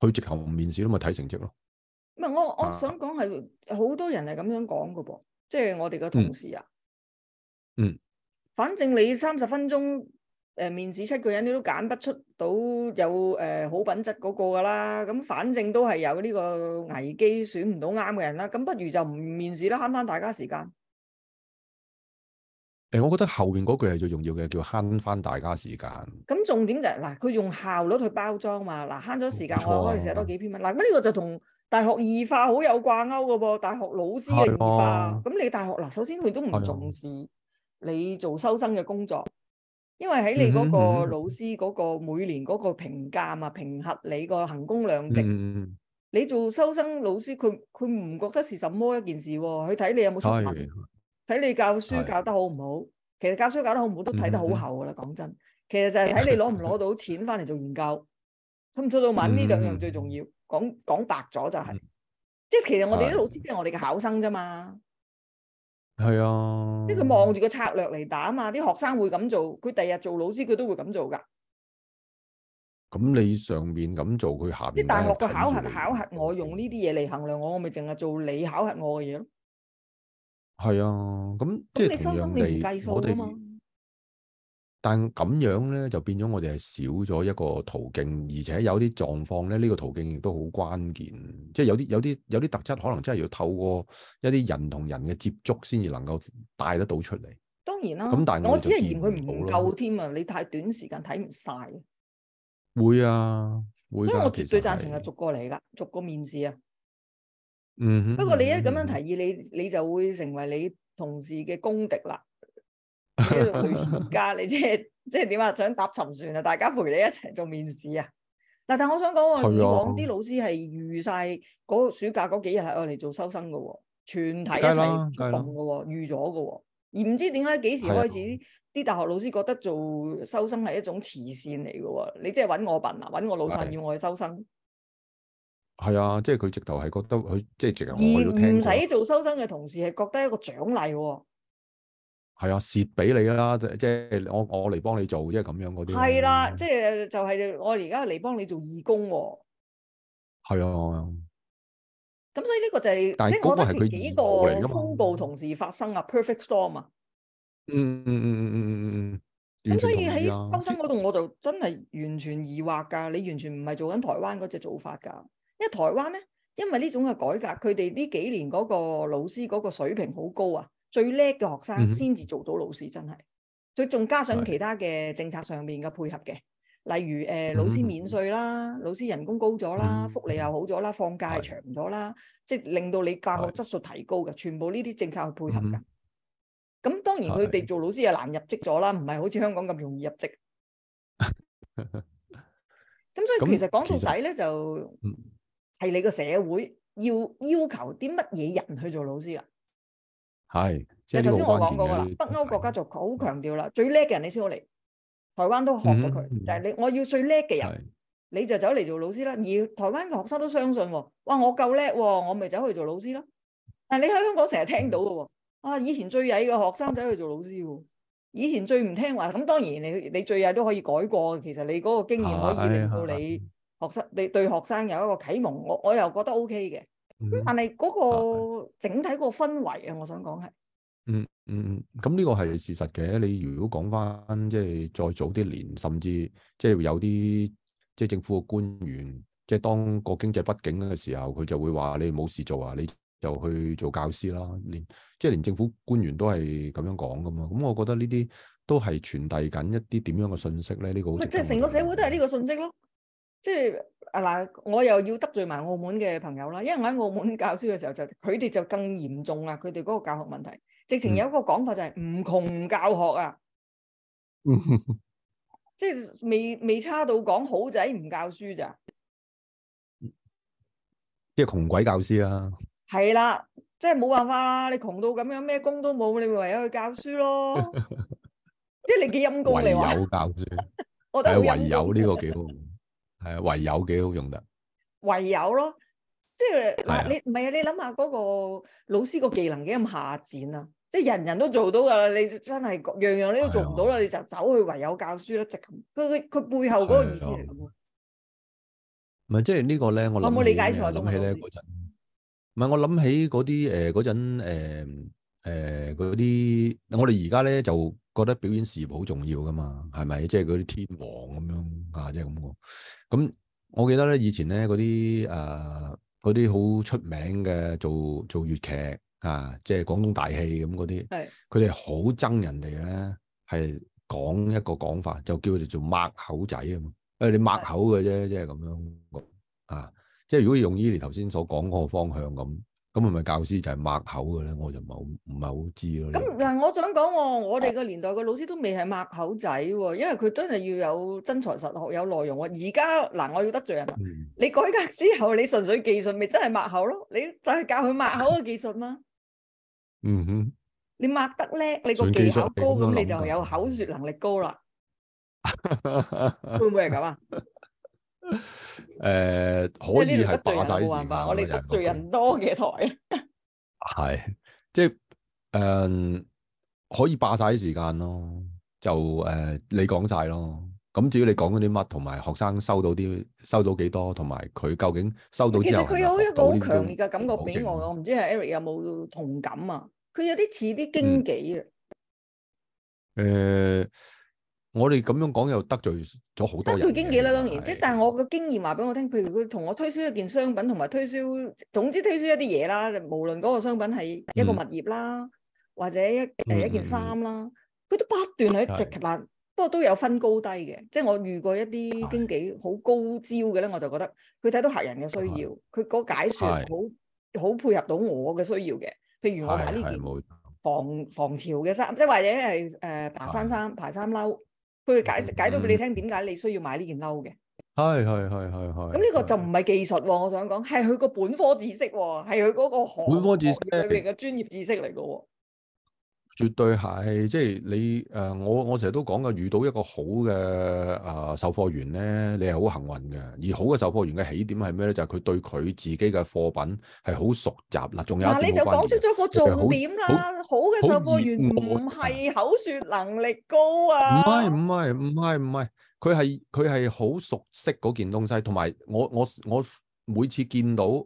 Speaker 2: 去直頭面試都咪睇成績咯。唔
Speaker 1: 係我我想講係好多人係咁樣講噶噃，即係我哋嘅同事啊，嗯，
Speaker 2: 嗯
Speaker 1: 反正你三十分鐘。誒，面試七個人，你都揀不出到有誒好品質嗰個噶啦。咁反正都係有呢個危機，選唔到啱嘅人啦。咁不如就唔面試啦，慳翻大家時間。
Speaker 2: 誒，我覺得後邊嗰句係最重要嘅，叫慳翻大家時間。
Speaker 1: 咁重點就係嗱，佢用效率去包裝嘛，嗱慳咗時間，我可以寫多幾篇文。嗱，咁呢個就同大學異化好有掛鈎噶噃，大學老師嘅異化。咁你大學嗱，首先佢都唔重視你做收生嘅工作。因為喺你嗰個老師嗰個每年嗰個評價嘛、啊，嗯、評核你個行功量
Speaker 3: 值。嗯、
Speaker 1: 你做收生老師，佢佢唔覺得是什麼一件事、啊，佢睇你有冇出文，睇、哎、你教書教得好唔好。哎、其實教書教得好唔好都睇得好厚噶啦，講、嗯、真。其實就係睇你攞唔攞到錢翻嚟做研究，出唔出到文呢兩樣最重要。嗯、講講白咗就係、是，嗯、即係其實我哋啲老師即係我哋嘅考生啫嘛。
Speaker 2: 係啊，即係佢望
Speaker 1: 住個策略嚟打嘛，啲學生會咁做，佢第日做老師佢都會咁做噶。
Speaker 2: 咁你上面咁做，佢下面啲大學嘅考核
Speaker 1: 考核我用呢啲嘢嚟衡量我，我咪淨係做你考核我嘅嘢
Speaker 2: 咯。係啊，咁即係同樣地，我哋。但咁樣咧，就變咗我哋係少咗一個途徑，而且有啲狀況咧，呢個途徑亦都好關鍵。即係有啲有啲有啲特質，可能真係要透過一啲人同人嘅接觸先至能夠帶得到出嚟。
Speaker 1: 當然啦，咁但我只係嫌佢唔夠添啊！你太短時間睇唔晒。
Speaker 2: 會啊，會啊，所以我絕
Speaker 1: 對贊成啊，逐個嚟噶，逐個面試啊。嗯
Speaker 3: 哼。不過你一
Speaker 1: 咁樣提議，你你就會成為你同事嘅公敵啦。 家，你即係即係點啊？想搭沉船啊？大家陪你一齊做面試啊？嗱，但我想講喎，啊、以往啲、嗯、老師係預晒嗰個暑假嗰幾日係我嚟做收生噶全體一齊動噶預咗噶而唔知點解幾時開始啲、啊、大學老師覺得做收生係一種慈善嚟噶你即係搵我笨啊，搵我老襯要我去收生。
Speaker 2: 係啊，即係佢直頭係覺得佢、啊、即係直頭我都聽。而唔使
Speaker 1: 做收生嘅同事係覺得一個獎勵。
Speaker 2: 係啊，蝕俾你啦，即係我我嚟幫你做，即係咁樣嗰啲。係啦、
Speaker 1: 啊，即係就係、是、我而家嚟幫你做義工。
Speaker 2: 係啊，
Speaker 1: 咁、啊、所以呢個就係、是，但是即係我覺得幾個風暴同時發生啊，啊，perfect storm 啊。嗯嗯嗯嗯
Speaker 3: 嗯嗯嗯。咁、嗯嗯啊、所以喺師訓
Speaker 1: 嗰度，我就真係完全疑惑噶，你完全唔係做緊台灣嗰隻做法噶，因為台灣咧，因為呢種嘅改革，佢哋呢幾年嗰個老師嗰個水平好高啊。最叻嘅學生先至做到老師，真係。再仲加上其他嘅政策上面嘅配合嘅，例如誒老師免稅啦，老師人工高咗啦，福利又好咗啦，放假係長咗啦，即係令到你教學質素提高嘅，全部呢啲政策去配合㗎。咁當然佢哋做老師又難入職咗啦，唔係好似香港咁容易入職。咁所以其實講到底咧，就係你個社會要要求啲乜嘢人去做老師啦。
Speaker 2: 係，但係頭先我講過啦，北
Speaker 1: 歐國家就好強調啦，最叻嘅人你先好嚟。台灣都學咗佢，就係你我要最叻嘅人，你就走嚟做老師啦。而台灣嘅學生都相信喎，哇，我夠叻喎，我咪走去做老師咯。但係你喺香港成日聽到嘅喎，啊，以前最曳嘅學生走去做老師喎，以前最唔聽話，咁當然你你最曳都可以改過。其實你嗰個經驗可以令到你學生，你對學生有一個啟蒙，我我又覺得 OK 嘅。嗯、但係嗰個整體個氛圍啊，我想講係、嗯，嗯
Speaker 2: 嗯嗯，咁呢個係事實嘅。你如果講翻即係再早啲年，甚至即係有啲即係政府嘅官員，即係當個經濟不景嘅時候，佢就會話你冇事做啊，你就去做教師啦。連即係連政府官員都係咁樣講噶嘛。咁我覺得呢啲都係傳遞緊一啲點樣嘅信息咧。呢個，即係成
Speaker 1: 個社會都係呢個信息咯。即係嗱，我又要得罪埋澳門嘅朋友啦，因為我喺澳門教書嘅時候就佢哋就更嚴重啊，佢哋嗰個教學問題，直情有一個講法就係唔窮教學啊，即係未未差到講好仔唔教書咋，
Speaker 2: 即係窮鬼教書啦。
Speaker 1: 係啦，即係冇辦法啦，你窮到咁樣咩工都冇，你唯有去教書咯，即係你幾陰功嚟話？唯有教書，係唯有呢個
Speaker 2: 幾好。係唯有幾好用得，
Speaker 1: 唯有咯，即係嗱、啊，你唔係啊？你諗下嗰個老師個技能幾咁下賤啊！即係人人都做到噶啦，你真係樣樣你都做唔到啦，啊、你就走去唯有教書咯，即係咁。佢佢背後嗰個意思嚟嘅
Speaker 2: 喎，唔係、啊、即係呢個咧，我我冇理解錯，諗起咧嗰陣，唔係我諗起嗰啲誒嗰陣誒誒嗰啲，我哋而家咧就覺得表演事業好重要噶嘛，係咪？即係嗰啲天王咁樣。啊，即係咁講，咁我記得咧，以前咧嗰啲誒嗰啲好出名嘅做做粵劇啊，即係廣東大戲咁嗰啲，係佢哋好憎人哋咧，係講一個講法，就叫佢哋做擘口仔啊嘛，誒你擘口嘅啫，即係咁樣講啊，即係如果用依利頭先所講個方向咁。咁係咪教師就係抹口嘅咧？我就唔係好唔係好知咯。
Speaker 1: 咁嗱，我想講喎，我哋個年代個老師都未係抹口仔喎，因為佢真係要有真才實學，有內容喎。而家嗱，我要得罪人啦。你改革之後，你純粹技術咪真係抹口咯？你就係教佢抹口嘅技術嘛？嗯哼。你抹得叻，你個技巧高，咁你就有口説能力高啦。
Speaker 2: 會唔會係咁啊？誒、 呃，可以係霸晒時間，我哋得罪
Speaker 1: 人多嘅台
Speaker 2: 係 即係誒、呃，可以霸晒啲時間咯，就誒、呃、你講晒咯。咁至於你講嗰啲乜，同埋學生收到啲收到幾多，同埋佢究竟收到之後係咪學到，其實佢有一個
Speaker 1: 好強烈嘅感覺俾我，我唔知係 Eric 有冇同感啊？佢有啲似啲經紀啊。誒、嗯。
Speaker 2: 呃我哋咁樣講又得罪咗好多人。得罪經紀啦，
Speaker 1: 當然即係，但係我嘅經驗話俾我聽，譬如佢同我推銷一件商品，同埋推銷總之推銷一啲嘢啦，無論嗰個商品係一個物業啦，或者一誒一件衫啦，佢都不斷喺度極爛。不過都有分高低嘅，即係我遇過一啲經紀好高招嘅咧，我就覺得佢睇到客人嘅需要，佢個解説好好配合到我嘅需要嘅。譬如我買呢件防防潮嘅衫，即係或者係誒爬山衫、爬山褸。佢會解釋解到俾你聽點解你需要買呢件褸嘅，
Speaker 2: 係係係係係。咁呢個
Speaker 1: 就唔係技術喎，我想講係佢個本科知識喎，係佢嗰個學本科裡面嘅專業知識嚟嘅喎。
Speaker 2: 絕對係，即係你誒、呃，我我成日都講嘅，遇到一個好嘅誒、呃、售貨員咧，你係好幸運嘅。而好嘅售貨員嘅起點係咩咧？就係、是、佢對佢自己嘅貨品係好熟習啦。仲有嗱，你就講出咗個重點啦、啊。好
Speaker 1: 嘅售貨員唔係口説能力高啊。唔係
Speaker 2: 唔係唔係唔係，佢係佢係好熟悉嗰件東西，同埋我我我每次見到。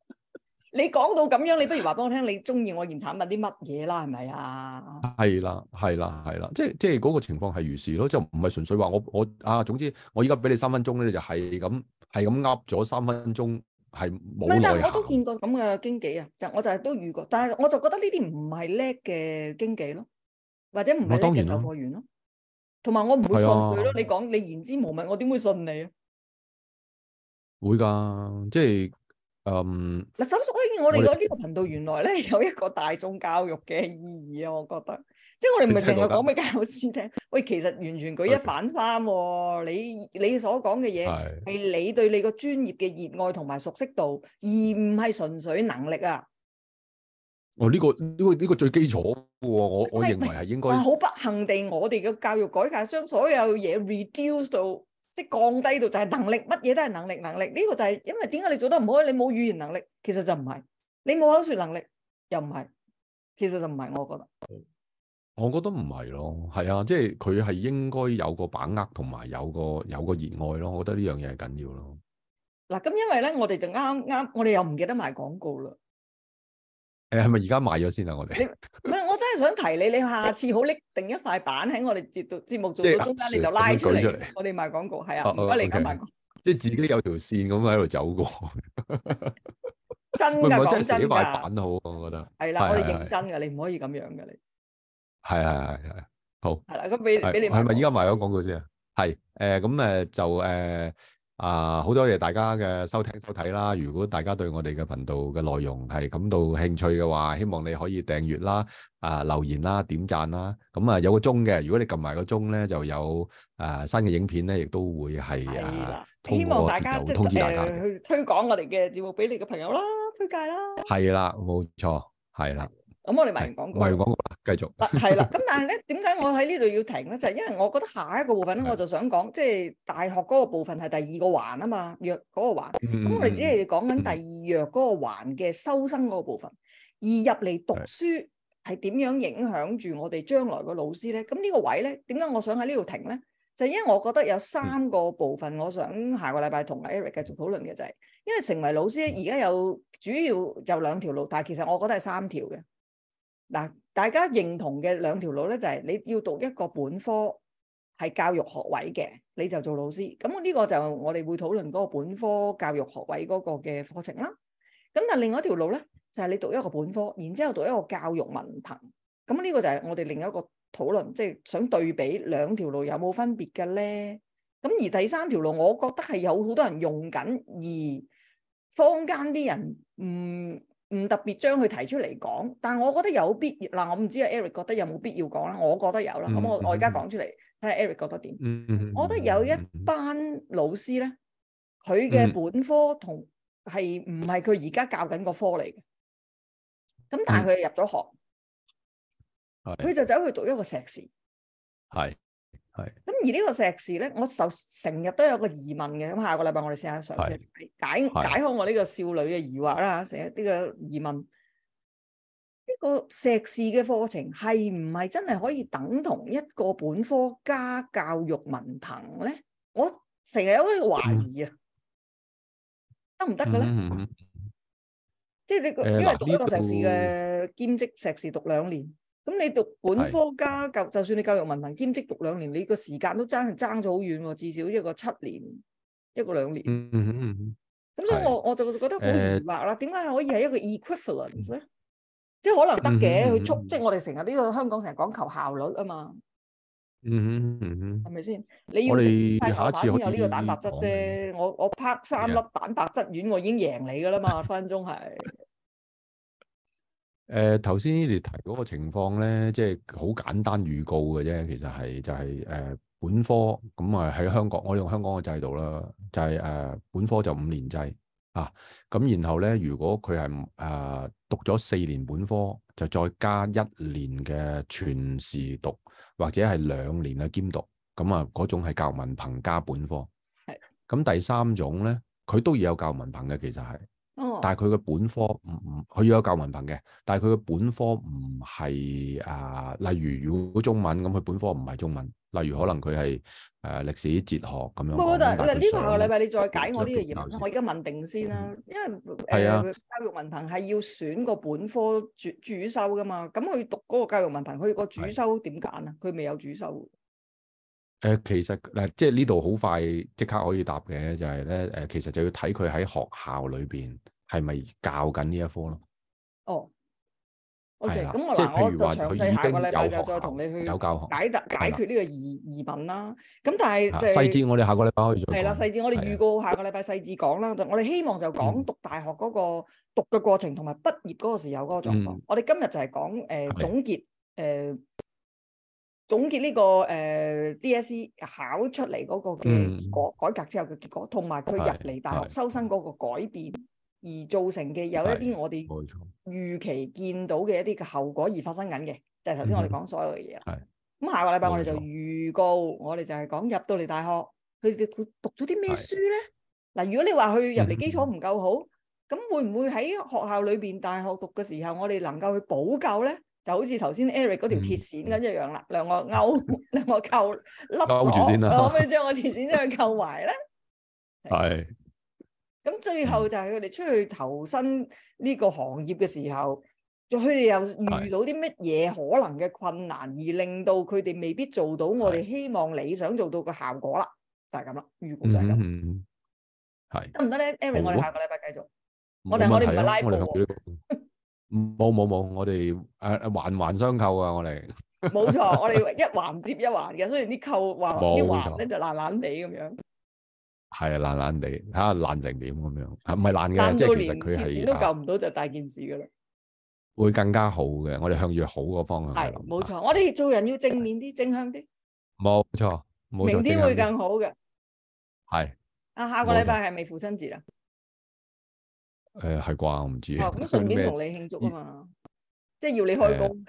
Speaker 1: 你講到咁樣，你不如話俾我聽，你中意我件產物啲乜嘢啦？係咪啊？
Speaker 2: 係啦，係啦，係啦，即係即係嗰個情況係如是咯，就唔係純粹話我我啊，總之我依家俾你三分鐘咧，就係咁係咁噏咗三分鐘係冇內涵。唔係，但係我都
Speaker 1: 見過咁嘅經紀啊，就我就係都遇過，但係我就覺得呢啲唔係叻嘅經紀咯，或者唔係叻嘅售貨員咯，同埋我唔會信佢咯。的你講你言之無物，我點會信你啊？
Speaker 2: 會㗎，即係。嗯，
Speaker 1: 嗱，所以，我哋個呢個頻道原來咧，有一個大眾教育嘅意義啊，我覺得，即係我哋唔係淨係講俾教師聽，喂，其實完全舉一反三，你你所講嘅嘢係你對你個專業嘅熱愛同埋熟悉度，而唔係純粹能力啊。
Speaker 2: 哦，呢個呢個呢個最基礎，我我認為係應該。好
Speaker 1: 不幸地，我哋嘅教育改革將所有嘢 reduce 到。即係降低到就係能力，乜嘢都係能力，能力呢個就係因為點解你做得唔好，你冇語言能力，其實就唔係；你冇口說能力又唔係，其實就唔係。我覺得，
Speaker 2: 我覺得唔係咯，係啊，即係佢係應該有個把握同埋有個有個熱愛咯。我覺得呢樣嘢係緊要咯。
Speaker 1: 嗱，咁因為咧，我哋就啱啱，我哋又唔記得埋廣告啦。
Speaker 2: 誒，係咪而家賣咗先啊？我哋，
Speaker 1: 唔係，我真係想提你，你下次好拎定一塊板喺我哋節度節目做到中間，你就拉出嚟，我哋賣廣告，係啊，我哋今日
Speaker 2: 即係自己有條線咁喺度走過，
Speaker 1: 真噶，真噶，自己賣板
Speaker 2: 好，我覺得係啦，我哋認真
Speaker 1: 噶，你唔可以咁樣噶，你係
Speaker 2: 係係係好，
Speaker 1: 係啦，咁俾俾你賣，係咪而
Speaker 2: 家賣咗廣告先啊？係，誒，咁誒就誒。啊，好多謝大家嘅收聽收睇啦！如果大家對我哋嘅頻道嘅內容係感到興趣嘅話，希望你可以訂閱啦、啊留言啦、點讚啦。咁、嗯、啊有個鐘嘅，如果你撳埋個鐘咧，就有、啊、新嘅影片咧，亦都會係的啊希望大家通知大家。希望大家,大家、呃、去
Speaker 1: 推廣我哋嘅節目俾你嘅朋友啦，推介
Speaker 2: 啦。係啦，冇錯，係啦。
Speaker 1: 咁我哋埋完講，埋
Speaker 2: 完講繼續，係
Speaker 1: 啦。咁但係咧，點解我喺呢度要停咧？就係、是、因為我覺得下一個部分咧，的我就想講，即、就、係、是、大學嗰個部分係第二個環啊嘛，弱、那、嗰個環。咁、嗯、我哋只係講緊第二弱嗰個環嘅收生嗰個部分，而入嚟讀書係點樣影響住我哋將來嘅老師咧？咁呢的個位咧，點解我想喺呢度停咧？就係、是、因為我覺得有三個部分，我想下個禮拜同 Eric 繼續討論嘅就係、是，因為成為老師而家有主要有兩條路，但係其實我覺得係三條嘅。嗱，大家認同嘅兩條路咧，就係你要讀一個本科係教育學位嘅，你就做老師。咁呢個就我哋會討論嗰個本科教育學位嗰個嘅課程啦。咁但另外一條路咧，就係你讀一個本科，然之後讀一個教育文憑。咁呢個就係我哋另一個討論，即係想對比兩條路有冇分別嘅咧。咁而第三條路，我覺得係有好多人用緊，而坊間啲人唔，嗯唔特別將佢提出嚟講，但係我覺得有必要，嗱，我唔知阿 Eric 覺得有冇必要講啦，我覺得有啦。咁、嗯、我我而家講出嚟，睇下、嗯、Eric 覺得點。嗯、我覺得有一班老師咧，佢嘅本科同係唔係佢而家教緊個科嚟嘅，咁但係佢入咗學，
Speaker 2: 佢的
Speaker 1: 就走去讀一個碩士。
Speaker 2: 係。
Speaker 1: 咁而呢個碩士咧，我就成日都有個疑問嘅。咁下個禮拜我哋試下嘗試解解開我呢個少女嘅疑惑啦，成日呢個疑問，呢個碩士嘅課程係唔係真係可以等同一個本科加教育文憑咧？我成日有呢個懷疑啊，得唔得嘅
Speaker 3: 咧？
Speaker 1: 即係你因為讀一個碩士嘅兼職碩士讀兩年。咁你讀本科加教，就算你教育文憑兼職讀兩年，你個時間都爭爭咗好遠喎，至少一個七年，一個兩
Speaker 3: 年。咁所以我
Speaker 1: 我就覺得好疑惑啦，點解可以係一個 equivalent 咧？即係可能得嘅，去促，即係我哋成日呢個香港成日講求效率啊嘛。嗯嗯嗯嗯，係咪先？你要食批下下先有呢個蛋白質啫。我我拍三粒蛋白質丸，我已經贏你噶啦嘛，分鐘係。
Speaker 2: 誒頭先你提嗰個情況咧，即係好簡單預告嘅啫。其實係就係誒本科，咁啊喺香港，我用香港嘅制度啦，就係誒本科就五年制啊。咁然後咧，如果佢係誒讀咗四年本科，就再加一年嘅全時讀，或者係兩年嘅兼讀，咁啊嗰種係教文憑加本科。係。咁第三種咧，佢都要有教文憑嘅，其實係。但係佢嘅本科唔唔，佢要有教文憑嘅。但係佢嘅本科唔係啊，例如如果中文咁，佢本科唔係中文。例如可能佢係誒歷史哲學咁樣。不過，呢個下個禮拜你
Speaker 1: 再解、解我呢個疑問，我而家問定先啦，嗯、因為誒、呃啊、教育文憑係要選個本科主主修噶嘛。咁佢讀嗰個教育文憑，佢個主修點揀啊？佢未有主修嘅、
Speaker 2: 呃。其實嗱，即係呢度好快即刻可以答嘅，就係咧誒，其實就要睇佢喺學校裏邊。係咪教緊呢一科咯？哦，O K，
Speaker 1: 咁我嗱，我就詳細下個禮拜就再同你去解答解,解決呢個疑的疑問啦。咁但係、即係、細節，
Speaker 2: 我哋下個禮拜去做。係啦，
Speaker 1: 細節我哋預告下個禮拜細節講啦。我哋希望就講讀大學嗰個讀嘅過程，同埋畢業嗰個時候嗰個狀況。嗯、我哋今日就係講誒、呃、的總結誒、呃、總結呢、呢個誒、呃、D S E 考出嚟嗰個嘅結果，嗯、改革之後嘅結果，同埋佢入嚟大學收生嗰個改變。而造成嘅有一啲我哋預期見到嘅一啲嘅後果而發生緊嘅，就係頭先我哋講所有嘅嘢。係
Speaker 3: 咁
Speaker 1: 下個禮拜我哋就預告，我哋就係講入到嚟大學，佢讀讀咗啲咩書咧？嗱，如果你話佢入嚟基礎唔夠好，咁會唔會喺學校裏邊大學讀嘅時候，我哋能夠去補救咧？就好似頭先 Eric 嗰條鐵線咁一樣啦。兩個勾，兩個扣，凹住先啦。可唔可以將我鐵線將佢扣埋咧？
Speaker 3: 係。
Speaker 1: 咁最後就係佢哋出去投身呢個行業嘅時候，佢哋又遇到啲乜嘢可能嘅困難，而令到佢哋未必做到我哋希望你想做到嘅效果啦，就係咁啦，預估就係
Speaker 2: 咁。係得唔得咧，Eric？我哋下
Speaker 1: 個禮拜繼續。冇問題啊，我哋向佢
Speaker 2: 呢邊。冇冇冇，我哋誒環環相扣噶，我哋。
Speaker 1: 冇錯，我哋一環接一環嘅，雖然啲扣環啲環咧就爛爛地咁樣。
Speaker 2: 係啊，爛爛哋睇下爛成點咁樣啊？唔係爛嘅，得即係其實佢係啊，錢都救
Speaker 1: 唔到就大件事噶啦，
Speaker 2: 啊，會更加好嘅。我哋向住好個方向係，
Speaker 1: 冇錯。我哋做人要正面啲，正向啲，
Speaker 2: 冇錯。錯明天會更好嘅，係。
Speaker 1: 啊的，下個禮拜係咪父親節啊？
Speaker 2: 誒，係、呃、啩？我唔知。咁順、哦、便同你慶祝啊
Speaker 1: 嘛，即係、呃、要你開工。
Speaker 2: 誒、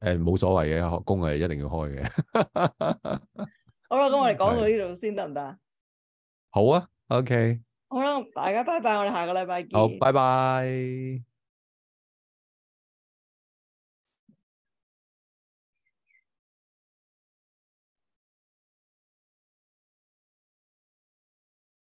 Speaker 2: 呃，冇、呃、所謂嘅，開工係一定要開嘅。
Speaker 1: 好啦，咁我哋講到呢度先得唔得啊？的
Speaker 2: 好啊，OK，好
Speaker 1: 啦，大家拜拜，我哋下個禮拜見。好，
Speaker 2: 拜拜。